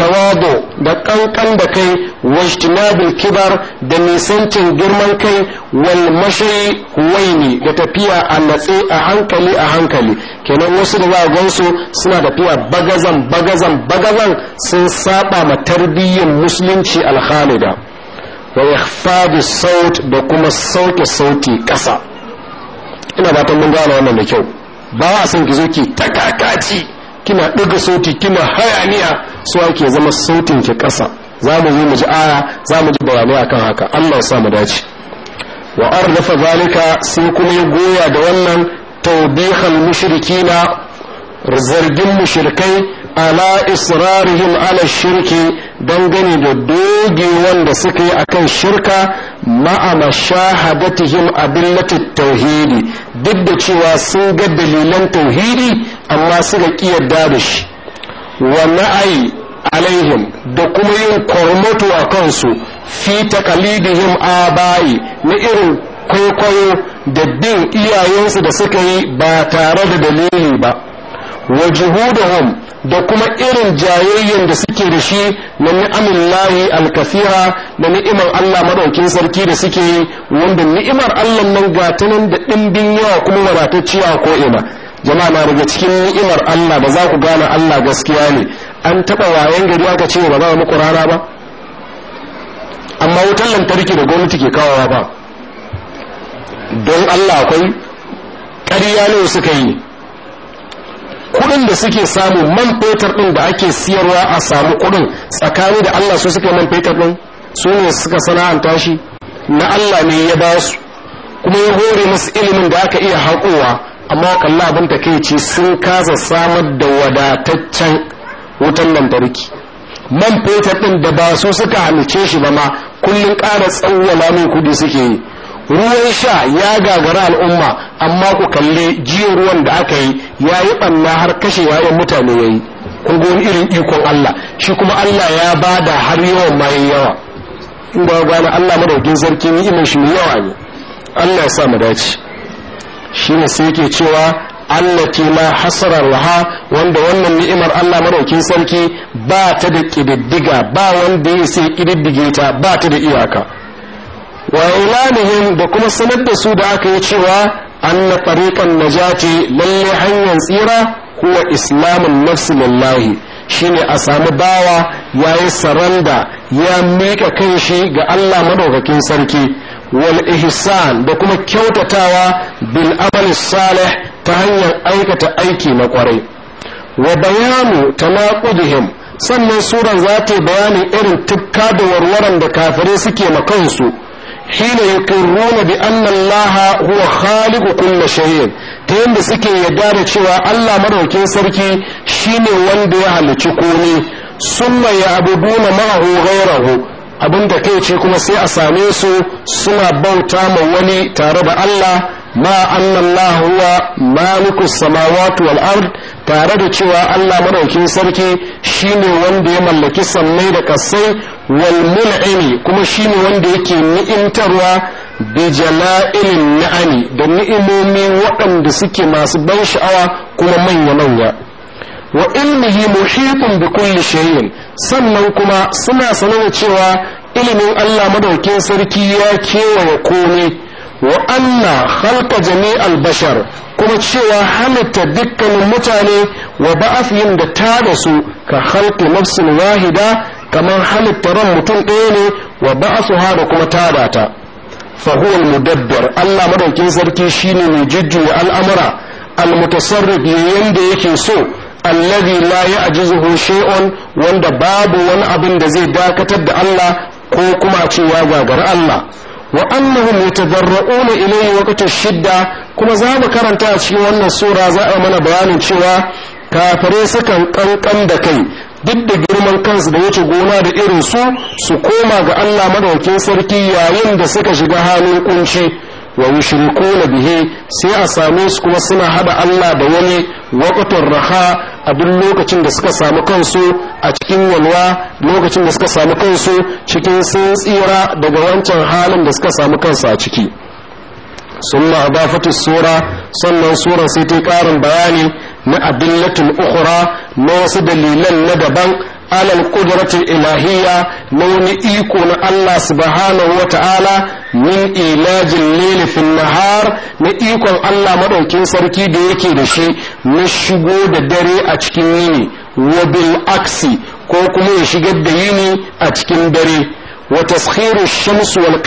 da ƙanƙan da kai wajtinabul kibar da nisancin girman kai wal mashi huwaini da tafiya a natse a hankali a hankali kenan wasu da za gansu suna tafiya bagazan bagazan bagazan sun saɓa ma tarbiyyar musulunci alhalida wa ikhfadu saut da kuma sauke sauti kasa ina ba ta mun gane wannan da kyau ba a san ki zo ki takakaci kina ɗaga sauti kina hayaniya su ake zama sautin ki kasa za mu zo mu ji aya za mu ji bayanai akan haka Allah ya sa mu dace wa ardafa zalika sai kuma ya goya da wannan tawbihan mushrikina zargin mushrikai ala israrihim ala shirki dangane da dogewan wanda suka yi akan shirka ma'a shahadatihim abillatit tauhidi duk da cewa sun ga dalilan tauhidi amma suka kiyarda da shi wa na'ai alaihim da kuma yin kwarmato a kansu fi taqalidihim abai na irin kwaikwayo da bin iyayensu da suka yi ba tare da dalili ba wa juhudahum da kuma irin jayayyen da suke da shi na ni'amillahi alkasira da ni'imar Allah madaukin sarki da suke yi wanda ni'imar Allah nan ta nan da ɗimbin yawa kuma wadatacciya ko ina jama'a na daga cikin ni'imar Allah ba za ku gane Allah gaskiya ne an taɓa wayan gari aka ce ba za mu muku rana ba amma wutar lantarki da gwamnati ke kawowa ba don Allah akwai ƙarya ne suka yi kudin da suke samu man fetur din da ake siyarwa a samu kudin tsakani da Allah su suke man fetur din su ne suka sana'anta shi na Allah ne ya ba su kuma ya hore musu ilimin da aka iya haƙowa amma kalla abin ta kai ce sun kasa samar da wadataccen wutan lantarki man fetur din da ba su suka halice shi ba ma kullun ƙara tsawwala min kudi suke yi ruwan sha ya gagara al'umma amma ku kalle jiya ruwan da aka yi ya yi ɓanna har kashe yayan mutane ya yi kun irin ikon Allah shi kuma Allah ya ba da har yawan ma yawa in ba gwana Allah madaukin sarki ni'imar shi yawa ne Allah ya sa mu dace shi ne sai yake cewa ke la hasarar laha wanda wannan ni'imar Allah madaukin sarki ba ta da kididdiga ba wanda ya sai kididdige ta ba ta da iyaka wa ilalihim da kuma sanar da su da aka yi cewa anna tariqan najati lalle hanyar tsira huwa islamun nafsi lillahi shine a samu bawa yi saranda ya kan shi ga Allah madaukakin sarki wal ihsan da kuma kyautatawa bil amal salih ta hanyar aikata aiki na kwarai wa bayanu tanaqudihim sannan suran za ta bayanin irin tukka da warwaran da kafirai suke ma kansu hina yuqirruna bi anna Allah huwa khaliqu kulli shay'in ta yanda suke yadda da cewa Allah madaukakin sarki shine wanda ya halicci komai summa ya'buduna ma'ahu ghayrahu abin da kai ce kuma sai a same su suna bauta ma wani tare da Allah ma Allah huwa malikus samawati wal tare da cewa Allah madaukin sarki shine wanda ya mallaki sammai da kasai wal mul'imi kuma shine wanda yake ni'imtarwa bi jala'ilin na'ani da ni'imomi waɗanda suke masu ban sha'awa kuma manya manya wa ilmihi muhitun bi kulli shay'in sannan kuma suna sanar da cewa ilimin Allah madaukin sarki ya kewaye komai wa anna halka jami'al bashar kuma cewa halitta dukkanin mutane wa ba'afihim da tada su ka halki nafsin wahida kamar halitta ran mutum ɗaya ne wa ba'asu da kuma tada ta fa huwa Allah madaukin sarki shine mai jujjuya al'amura al-mutasarrif yanda yake so alladhi la ya'jizuhu shay'un wanda babu wani abin da zai dakatar da Allah ko kuma cewa gagar Allah wa annahum yatadarra'una ilayhi waqta shidda kuma za mu karanta a cikin wannan sura za a mana bayanin cewa kafare sukan kankan da kai duk da girman kansu da wuce gona da irin su su koma ga Allah madaukin sarki yayin da suka shiga halin kunci wa yushrikuna bihi sai a same su kuma suna hada Allah da wani waqtar raha a duk lokacin da suka samu kansu a cikin yalwa lokacin da suka samu kansu cikin sun tsira daga wancan halin da suka samu kansu a ciki summa adafatu sura sannan sura sai ta karin bayani na adillatul ukhra na wasu dalilan na daban alal qudratil ilahiya na wani iko na Allah subhanahu wa ta'ala min ilajin lili fil nahar na ikon Allah madaukin sarki da yake da shi na shigo da dare a cikin yini wa bil aksi ko kuma ya shigar da yini a cikin dare wa taskhiru shamsu wal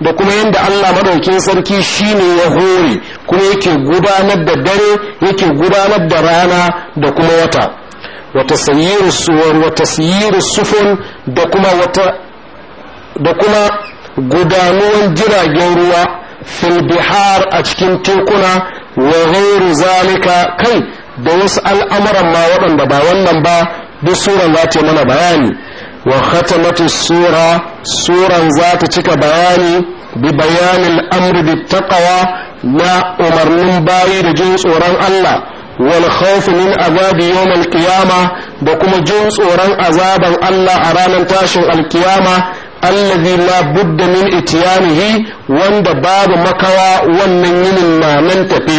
da kuma yanda Allah madaukin sarki shine ya hore kuma yake gudanar da dare yake gudanar da rana da kuma wata wa tasayyiru suwar wa tasayyiru sufun da kuma wata gudanuwan jiragen ruwa fil bihar a cikin tekuna wa ghairu zalika kai da wasu al'amuran ma waɗanda ba wannan ba duk suran za ta mana bayani wa khatamatu suran za ta cika bayani bi bayanin amri bi taqwa na umarnin bayi da jin tsoron Allah wal khawf min azabi yawm al da kuma jin tsoron azaban Allah a ranar tashin alkiyama allazi la budda min itiyanihi wanda babu makawa wannan yinin na nan tafi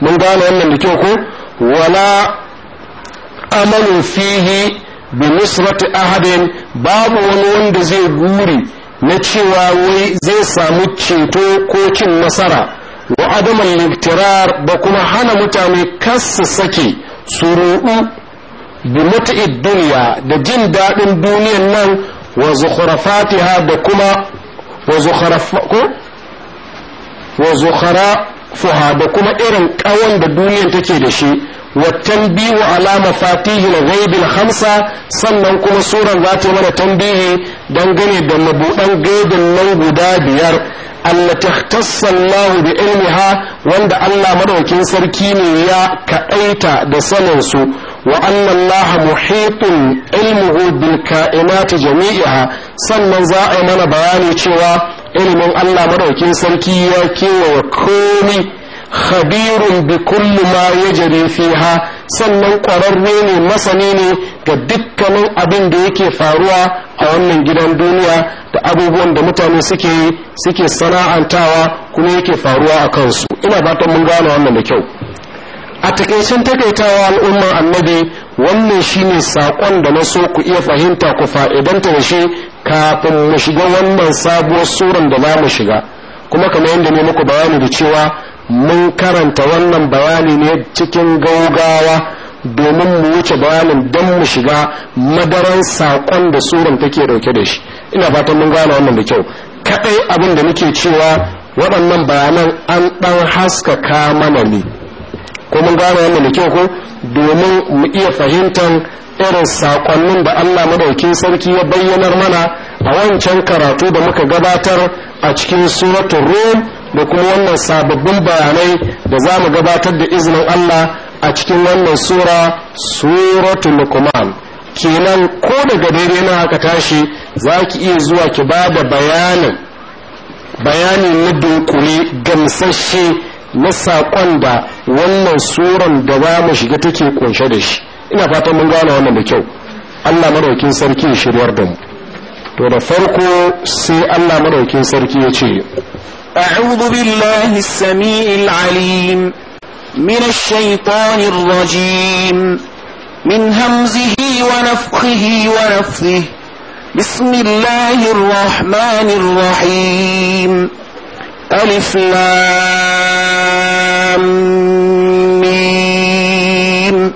mun gane wannan da kyau ko wala amalu fihi bi nusrati ahadin babu wani wanda zai guri na cewa wai zai samu ceto ko cin nasara wa adaman liktirar da kuma hana mutane kasu sake su bi mutu'id duniya da jin daɗin duniyan nan wa zukhrafatiha da kuma wa wa zukhrafuha da kuma irin ƙawan da duniyan take da shi wa mafatihi al-ghaib al-khamsa sannan kuma suran za ta mana tambihi dangane da mabuɗan gaibin nan guda biyar allati ikhtassallahu bi ha wanda Allah madaukin sarki ne ya kadaita da sanin su wa anna Allah muhitun ilmuhu bil ka'inati jami'iha sannan za a yi mana bayani cewa ilimin Allah madaukin sarki ya kewaye komai khabirun bi kulli ma yajri fiha sannan kwararre ne masani ne ga dukkanin abin da yake faruwa a wannan gidan duniya da abubuwan da mutane suke yi suke sana'antawa kuma yake faruwa a kansu ina fatan mun gane wannan da kyau a takaicin takaitawa al'umman annabi wannan shine saƙon da na so ku iya fahimta ku fa'idanta da shi kafin mu shiga wannan sabuwar suran da za mu shiga kuma kamar yadda ne muku bayani da cewa mun karanta wannan bayani ne cikin gaugawa domin mu wuce bayanin don mu shiga madaran saƙon da suran take dauke da shi ina fatan mun gane wannan da kyau kaɗai abin da muke cewa waɗannan bayanan an ɗan haskaka mana ne ko mun gane wannan da kyau ko domin mu iya fahimtar irin saƙonnin da allah madaukin sarki ya bayyanar mana a wancan karatu da muka gabatar a cikin suratun rum da kuma wannan sababbin bayanai da za mu gabatar da izinin Allah a cikin wannan sura suratul luqman kenan ko daga daidai na haka tashi za ki iya zuwa ki ba da bayanin bayani na dunkule gamsashe na saƙon da wannan suran da ba mu shiga take kunshe da shi ina fatan mun gane wannan da kyau allah maraukin sarki ya shiryar da mu to da farko sai allah maraukin sarki ya ce أعوذ بالله السميع العليم من الشيطان الرجيم من همزه ونفخه ونفثه بسم الله الرحمن الرحيم ألف لام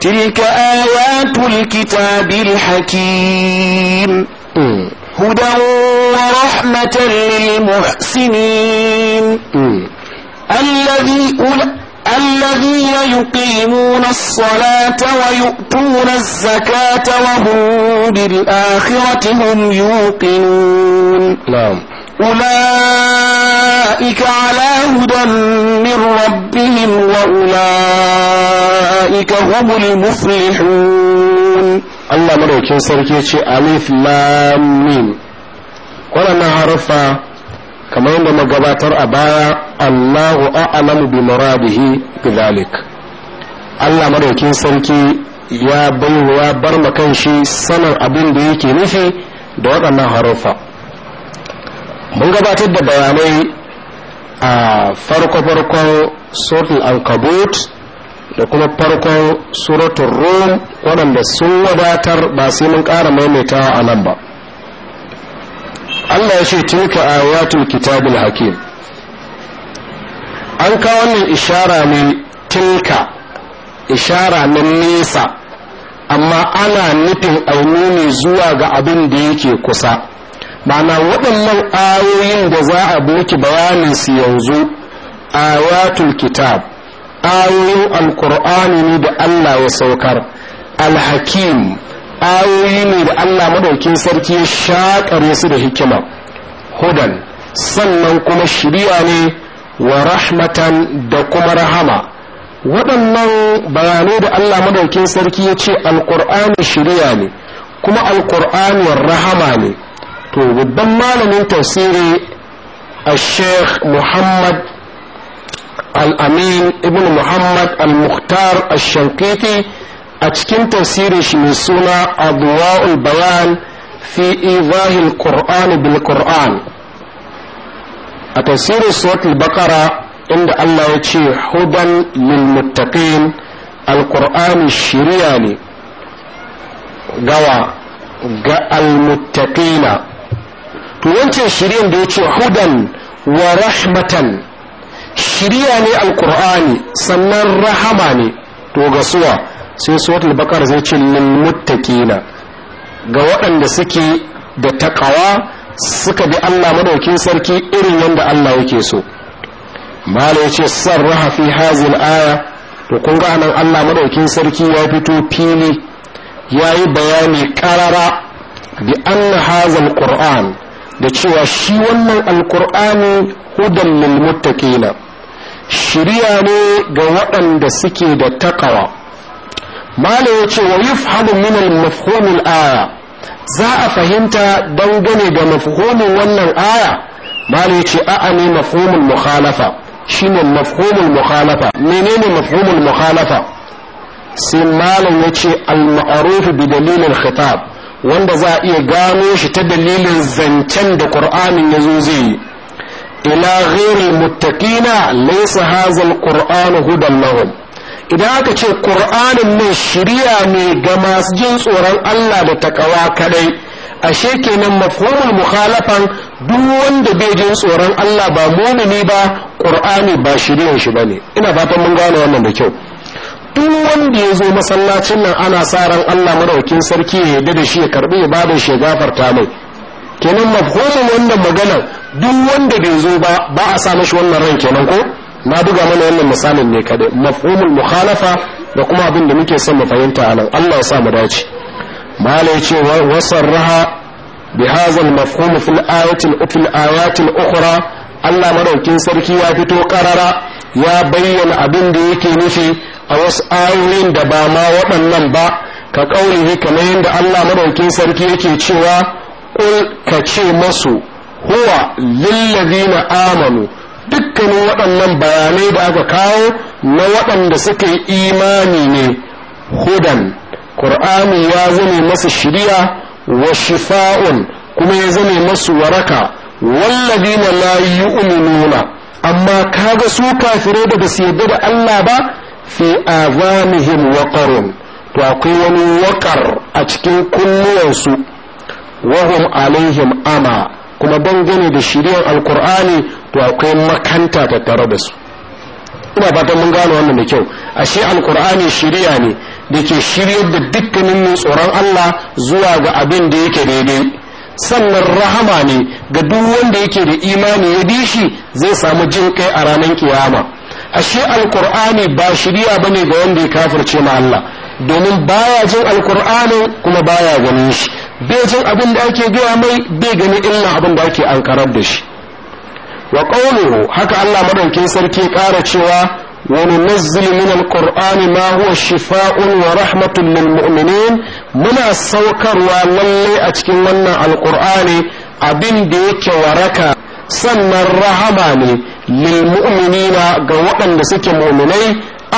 تلك آيات الكتاب الحكيم هدى ورحمة للمحسنين الذي الذين يقيمون الصلاة ويؤتون الزكاة وهم بالآخرة هم يوقنون نعم أولئك على هدى من ربهم وأولئك هم المفلحون الله مرحبا كنسر كيشي ألف لام ميم waɗannan haruffa kamar yadda magabatar a baya allahu a'lamu bi muradihi bidalik allah madaukin sarki ya baiwa bar makan shi sanin abin da yake nufi da waɗannan haruffa mun gabatar da bayanai a farko-farkon suratul ankabut da kuma farkon suratul rum waɗanda sun wadatar ba sai mun ƙara maimaitawa a nan ba Allah ya ce tilka ayatul kitabul hakim an kawo wannan ishara ne tilka ishara na nesa amma ana nufin aununi zuwa ga abin da yake kusa mana waɗannan ayoyin da za a boki bayanin su yanzu ayatul kitab ayoyin alkur'ani ne da Allah ya saukar alhakim ayoyi ne da Allah madaukin sarki ya shakare su da hikima hudan sannan kuma shirya ne wa rahmatan da kuma rahama waɗannan bayanai da Allah madaukin sarki ya ce alƙur'ani shirya ne kuma alƙur'ani rahama ne to babban malamin tafsiri a sheikh muhammad al-amin ibn muhammad al-mukhtar al-shankiti a cikin tafsirin shi mai suna abuwa'ul bayan fi izahil qur'an bil qur'an a tafsirin suratul bakara inda Allah ya ce hudan lil muttaqin alqur'ani shiriya ne gawa ga almuttaqina to wancan shiriyan da yace hudan wa rahmatan shiriya ne alqur'ani sannan rahama ne to ga suwa sai suratul bakar zai ce lil muttaqina ga waɗanda suke da taƙawa suka bi Allah madaukin sarki irin yanda Allah yake so malai ce sarraha fi hazil aya to kun ga nan Allah madaukin sarki ya fito fili yayi bayani karara bi anna hazal qur'an da cewa shi wannan alqur'ani hudan lil muttaqina shiriya ne ga waɗanda suke da taƙawa. malam ya ce wa yufhamu min al aya za a fahimta dangane ga mafhumin wannan aya mala ya ce a'a ne mafhumul mukhalafa shine mafhumul mukhalafa menene mafhumul mukhalafa sai malam ya ce al-ma'ruf bi dalilin khitab wanda za a iya gano shi ta dalilin zancen da qur'anin zo zai yi ila ghairil muttaqina laysa hadha al-qur'anu hudan lahum idan aka ce ƙur'anin ne shirya ne ga masu jin tsoron Allah da takawa kadai ashe kenan mafhumul mukhalafan duk wanda bai jin tsoron Allah ba mumini ba ƙur'ani ba shiriyar shi bane ina fatan mun gane wannan da kyau duk wanda ya zo masallacin nan ana sa ran Allah madaukin sarki ya yarda da shi ya karbi ibadar shi ya gafarta mai kenan mafhumin wannan magana duk wanda bai zo ba ba a sa mashi wannan ran kenan ko na buga mana wannan misalin ne kadai mafhumul mukhalafa da kuma abin da muke son mu fahimta anan Allah ya sa mu dace malai ce wasarraha bi hadha al mafhum fil ayati fil ayati ukhra Allah madaukin sarki ya fito karara ya bayyana abin da yake nufi a wasu ayoyin da ba ma waɗannan ba ka kaulihi kamar yadda Allah madaukin sarki yake cewa kul ka ce masu huwa lillazina amanu dukkanin waɗannan bayanai da aka kawo na waɗanda suka yi imani ne hudan ƙur'ani ya zane masu shirya wa shifa'un kuma ya zame masu waraka na layi nuna. amma kaga su kafirai da basu yarda da Allah ba fi azamihim waqarun to akwai wani waƙar a cikin kunnuwansu wahum alaihim ama kuma dangane da shirya alkur'ani to akwai makanta tare da su ina fatan mun gano wannan da kyau ashe alkur'ani shiriya ne da ke shiryar da dukkanin tsoron Allah zuwa ga abin da yake daidai sannan rahama ne ga duk wanda yake da imani ya bi shi zai samu jin kai a ranar kiyama ashe alkur'ani ba shari'a bane ga wanda ya kafirce ma Allah domin baya jin alkur'ani kuma baya ganin shi bai jin abin da ake gaya mai bai gani illa abin da ake ankarar da shi wa qawluhu haka Allah madaukin sarki ƙara cewa wa nunzilu min alqur'ani ma huwa shifa'un wa rahmatun lil mu'minin muna saukarwa lalle a cikin wannan alqur'ani abin da yake waraka sannan rahama ne lil mu'minina ga waɗanda suke mu'minai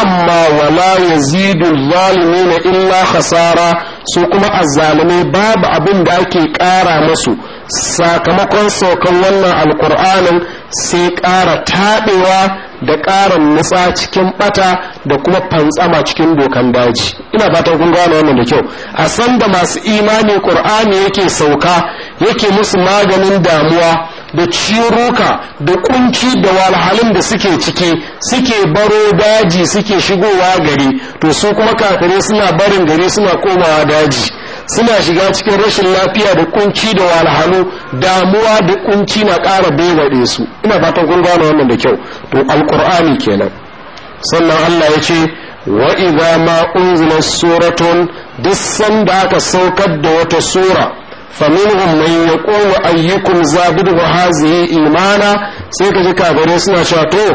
amma wala yazidu zalimina illa khasara su kuma azzalumai babu abin da ake ƙara musu sakamakon saukan wannan alkur'anin sai ƙara taɓewa da ƙara nutsa cikin bata da kuma fantsama cikin dokan daji ina fatan kun gane wannan da kyau a san da masu imani ƙur'ani yake sauka yake musu maganin damuwa da ciruka da kunci da walhalin da suke ciki suke baro daji suke shigowa gari to su kuma kafirai suna barin gari suna komawa daji suna shiga cikin rashin lafiya da kunci da walhalu damuwa da kunci na ƙara baiwaɗe su ina fatan kun gane wannan da kyau to alkur'ani kenan sannan allah ya ce wa idza ma unzila suratun duk sanda aka saukar da wata sura faminhum man yaqulu ayyukum zabidu hazihi imana sai kaji kabare suna cewa to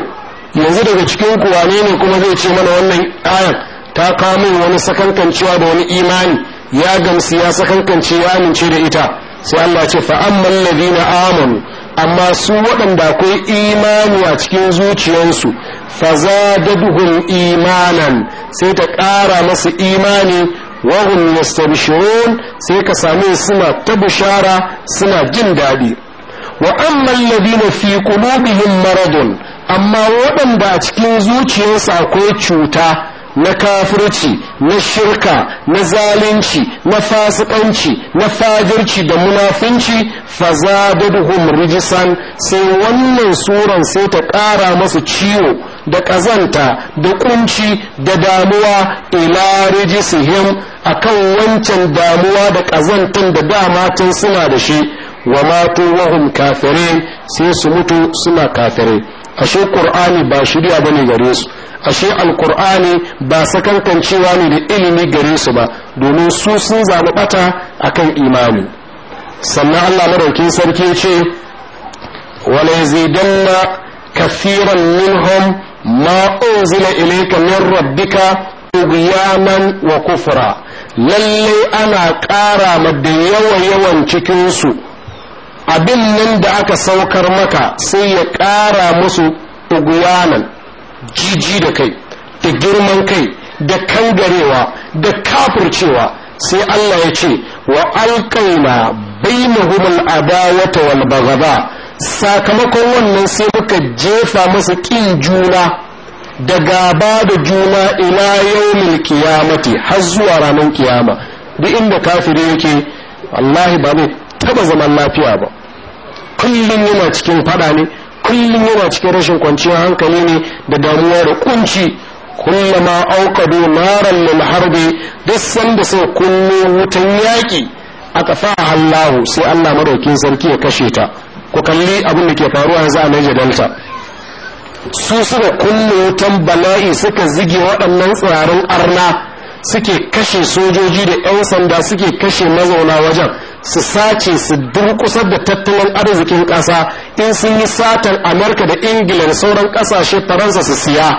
yanzu daga cikin ku wane ne kuma zai ce mana wannan ayan ta kawo wani sakankancewa da wani imani ya gamsu ya sakankance ya amince da ita sai Allah ce fa amman ladina amanu amma su waɗanda akwai imani a cikin zuciyarsu fa zadaduhum imanan sai ta ƙara masu imani wahum yastabshirun sai ka same suna ta bishara suna jin daɗi wa amma alladhina fi qulubihim maradun amma waɗanda a cikin zuciyarsa akwai cuta na kafirci na shirka na zalunci na fasikanci na fajirci da munafunci Duhum rijisan sai wannan suran sai ta ƙara masu ciwo da ƙazanta da kunci da damuwa ila rijisihim akan wancan damuwa da ƙazantan da dama tun suna da shi wa matu wahum kafirin sai su mutu suna kafire ashe qur'ani ba shirya bane gare su ashe alqur'ani ba sakankancewa ne da ilimi gare su ba domin su sun zaɓi ɓata akan imani sannan allah maraukin sarki ce wale yazidanna kafiran minhum ma unzila ilayka min rabbika tughyanan wa kufra lalle ana ƙara ma da yawa yawan cikin su abin nan da aka saukar maka sai ya ƙara musu tughyanan jiji da kai da girman kai da kangarewa da kafircewa sai Allah ya ce wa alkaina bainahum al-adawata wal baghdha sakamakon wannan sai muka jefa masa ƙin juna da gaba da juna ila yaumil kiyamati har zuwa ranar kiyama duk inda kafiri yake wallahi ba ne taba zaman lafiya ba kullum yana cikin fada ne kullum yana cikin rashin kwanciyar hankali ne da damuwa da kunci kullama auqadu naran lil harbi duk sanda sai kullu wutan yaki aka fa Allah sai Allah madaukin sarki ya kashe ta ku kalli abin da ke faruwa yanzu a Niger Delta su suka kulle wutan bala'i suka zige waɗannan tsirarin arna suke kashe sojoji da 'yan sanda suke kashe mazauna wajen su sace su durƙusar da tattalin arzikin ƙasa in sun yi satan amurka da ingila da sauran ƙasashe faransa su siya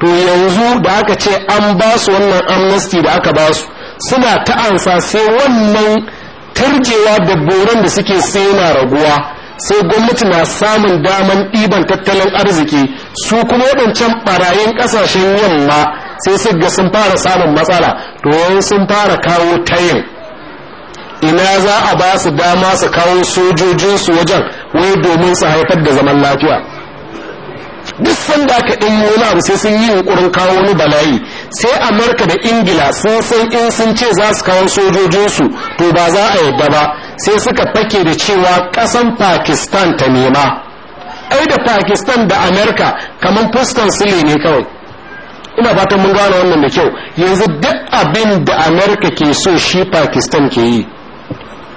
to yanzu da aka ce an ba su wannan amnesty da aka ba su suna ta'ansa sai wannan tarjewa da boron da suke sai na raguwa sai gwamnati na samun daman ɗiban tattalin arziki su kuma waɗancan ɓarayin ƙasashen yamma sai su ga sun fara samun matsala to sun fara kawo tayin ina za a ba su dama su kawo sojojinsu wajen wai domin su haifar da zaman lafiya duk sanda aka yi wani abu sai sun yi yunkurin kawo wani bala'i sai amurka da ingila sun san in sun ce za su kawo sojojinsu to ba za a yadda ba sai suka fake da cewa ƙasan pakistan ta nema ai da pakistan da amurka kamar fuskan sule ne kawai ina fatan mun gane wannan da kyau yanzu duk abin da amurka ke so shi pakistan ke yi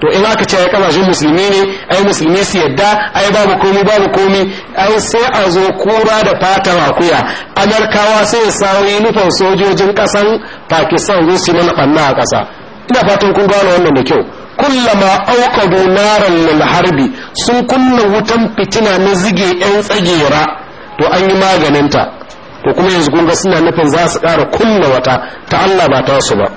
to in aka ce ai kasashen musulmi ne ai musulmi su yadda ai babu komi babu komi ai sai a zo kura da fatan akuya amarkawa sai ya sawo nufin sojojin kasan pakistan zo su mana banna a kasa ina fatan kun gano wannan da kyau kullama auqadu naran lil harbi sun kunna wutan fitina na zige yan tsagera to an yi maganinta to kuma yanzu kun ga suna nufin za su ƙara kunna wata ta Allah ba ta su ba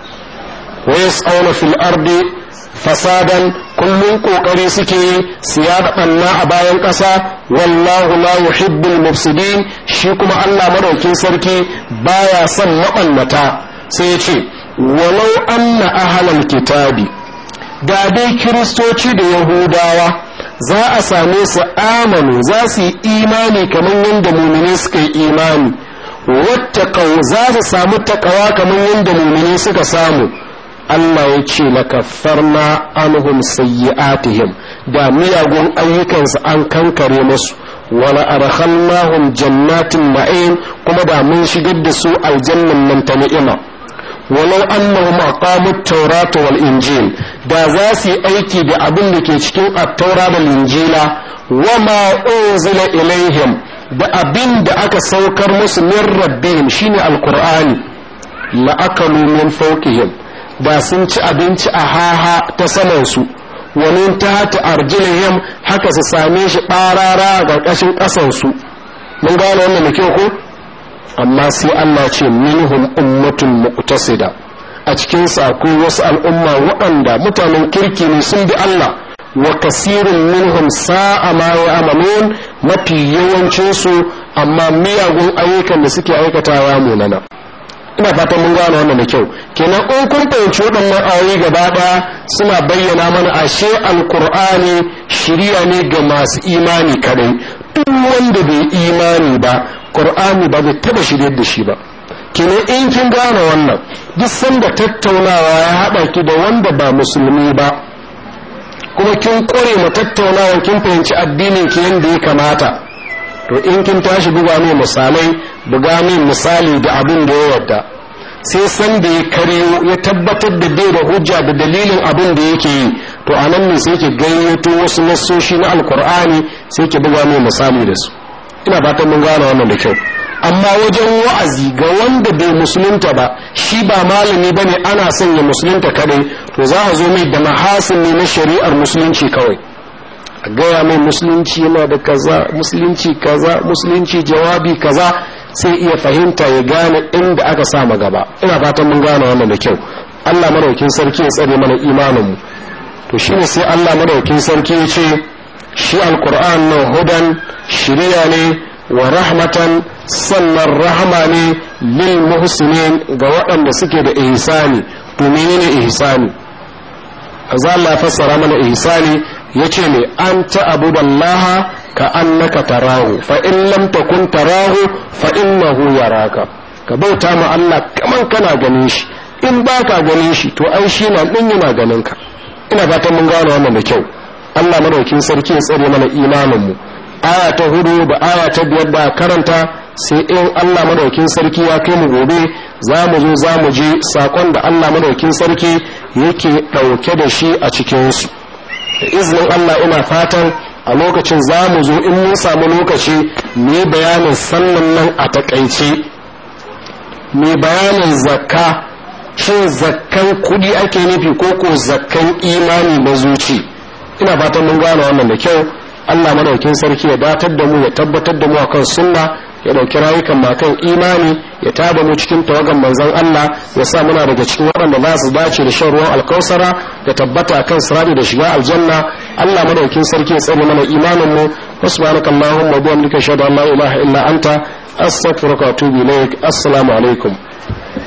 wa yas'awna fil ardi fasadan kullum kokari suke siya su ɓanna a bayan ƙasa wallahu la yuhibbul mufsidin shi kuma Allah madaukin sarki baya son maɓannata sai ya ce walau anna ahlal kitabi da dai kiristoci da yahudawa za a same su amanu za su yi imani kamar yadda mumini suka yi imani wata za su samu takawa kamar yadda mumini suka samu Allah ya ce lakaffarna anhum sayyi'atihim da miyagun ayyukansu an kankare musu wala arhamnahum jannatin na'im kuma da mun shigar da su aljannan nan ta ni'ima walau annahum aqamu at wal injil da za su yi aiki da abin da ke cikin at-taura da injila wama unzila ilaihim da abin da aka saukar musu min rabbihim shine alqur'ani la'akalu min fawqihim da sun ci abinci a haha ta samansu wani ta hata arjilihim haka su same shi ɓarara a ƙarƙashin ƙasansu mun gane wannan da kyau ko amma sai Allah ce minhum ummatun muqtasida a cikin sako wasu al'umma waɗanda mutanen kirki ne sun bi Allah wa kasirin minhum sa'a ma ya'malun mafi yawancinsu amma miyagun ayyukan da suke aikatawa munana ina fatan mun gane wannan da kyau kenan in kun fahimci waɗannan ayoyi gaba ɗaya suna bayyana mana ashe alkur'ani shirya ne ga masu imani kadai duk wanda bai imani ba qur'ani ba zai taba shiryar da shi ba kenan in kin gane wannan duk sanda tattaunawa ya haɗa ki da wanda ba musulmi ba kuma kin ƙware ma tattaunawa kin fahimci addinin ki yadda ya kamata to in kin tashi buga mai misalai buga mai misali da abin da ya yarda sai san da ya karyo ya tabbatar da bai da hujja da dalilin abin da yake yi to a nan ne sai ki gayyato wasu nasoshi na alkur'ani sai ki buga mai misali da su ina fatan mun gane wannan da kyau amma wajen wa'azi ga wanda bai musulunta ba shi ba malami ba ne ana son ya musulunta kadai to za a zo mai da mahasin ne na shari'ar musulunci kawai a gaya mai musulunci yana da kaza musulunci kaza musulunci jawabi kaza sai iya fahimta ya gane inda aka sa gaba ina fatan mun gane wannan da kyau Allah madaukin sarki ya tsare mana imanin mu to shine sai Allah madaukin sarki ya ce shi alquran na hudan shiriya ne wa rahmatan sannan rahama ne lil muhsinin ga waɗanda suke da ihsani to menene ihsani azza Allah fassara mana ihsani yace ne an ta'budallaha ka annaka tarahu fa in lam takun tarahu fa innahu yaraka ka bauta ma Allah kaman kana ganin shi in baka ganin shi to ai shi na din yana ganin ka ina fatan mun gane wannan da kyau Allah madaukin sarki ya tsare mana imanin mu aya ta hudu da aya ta biyar da karanta sai in Allah madaukin sarki ya kai mu gobe za mu zo za mu je sakon da Allah madaukin sarki yake ɗauke da shi a cikinsu da izinin Allah ina fatan a lokacin za mu zo in mun samu lokaci mu bayanin sannan nan a takaice mu bayanin zakka shin zakkan kudi ake nufi ko ko zakkan imani na zuci ina fatan mun gane wannan da kyau Allah madaukin sarki ya datar da mu ya tabbatar da mu akan sunna ya ɗauki rayukan makan imani ya tada mu cikin tawagan manzon Allah ya sa muna daga cikin waɗanda za su dace da shan ruwan alkausara da tabbata kan sirari da shiga aljanna Allah madaukin sarki ya tsare mana imanin mu subhanaka allahumma wa bihamdika shada an la ilaha illa anta astaghfiruka wa atubu ilaik assalamu alaikum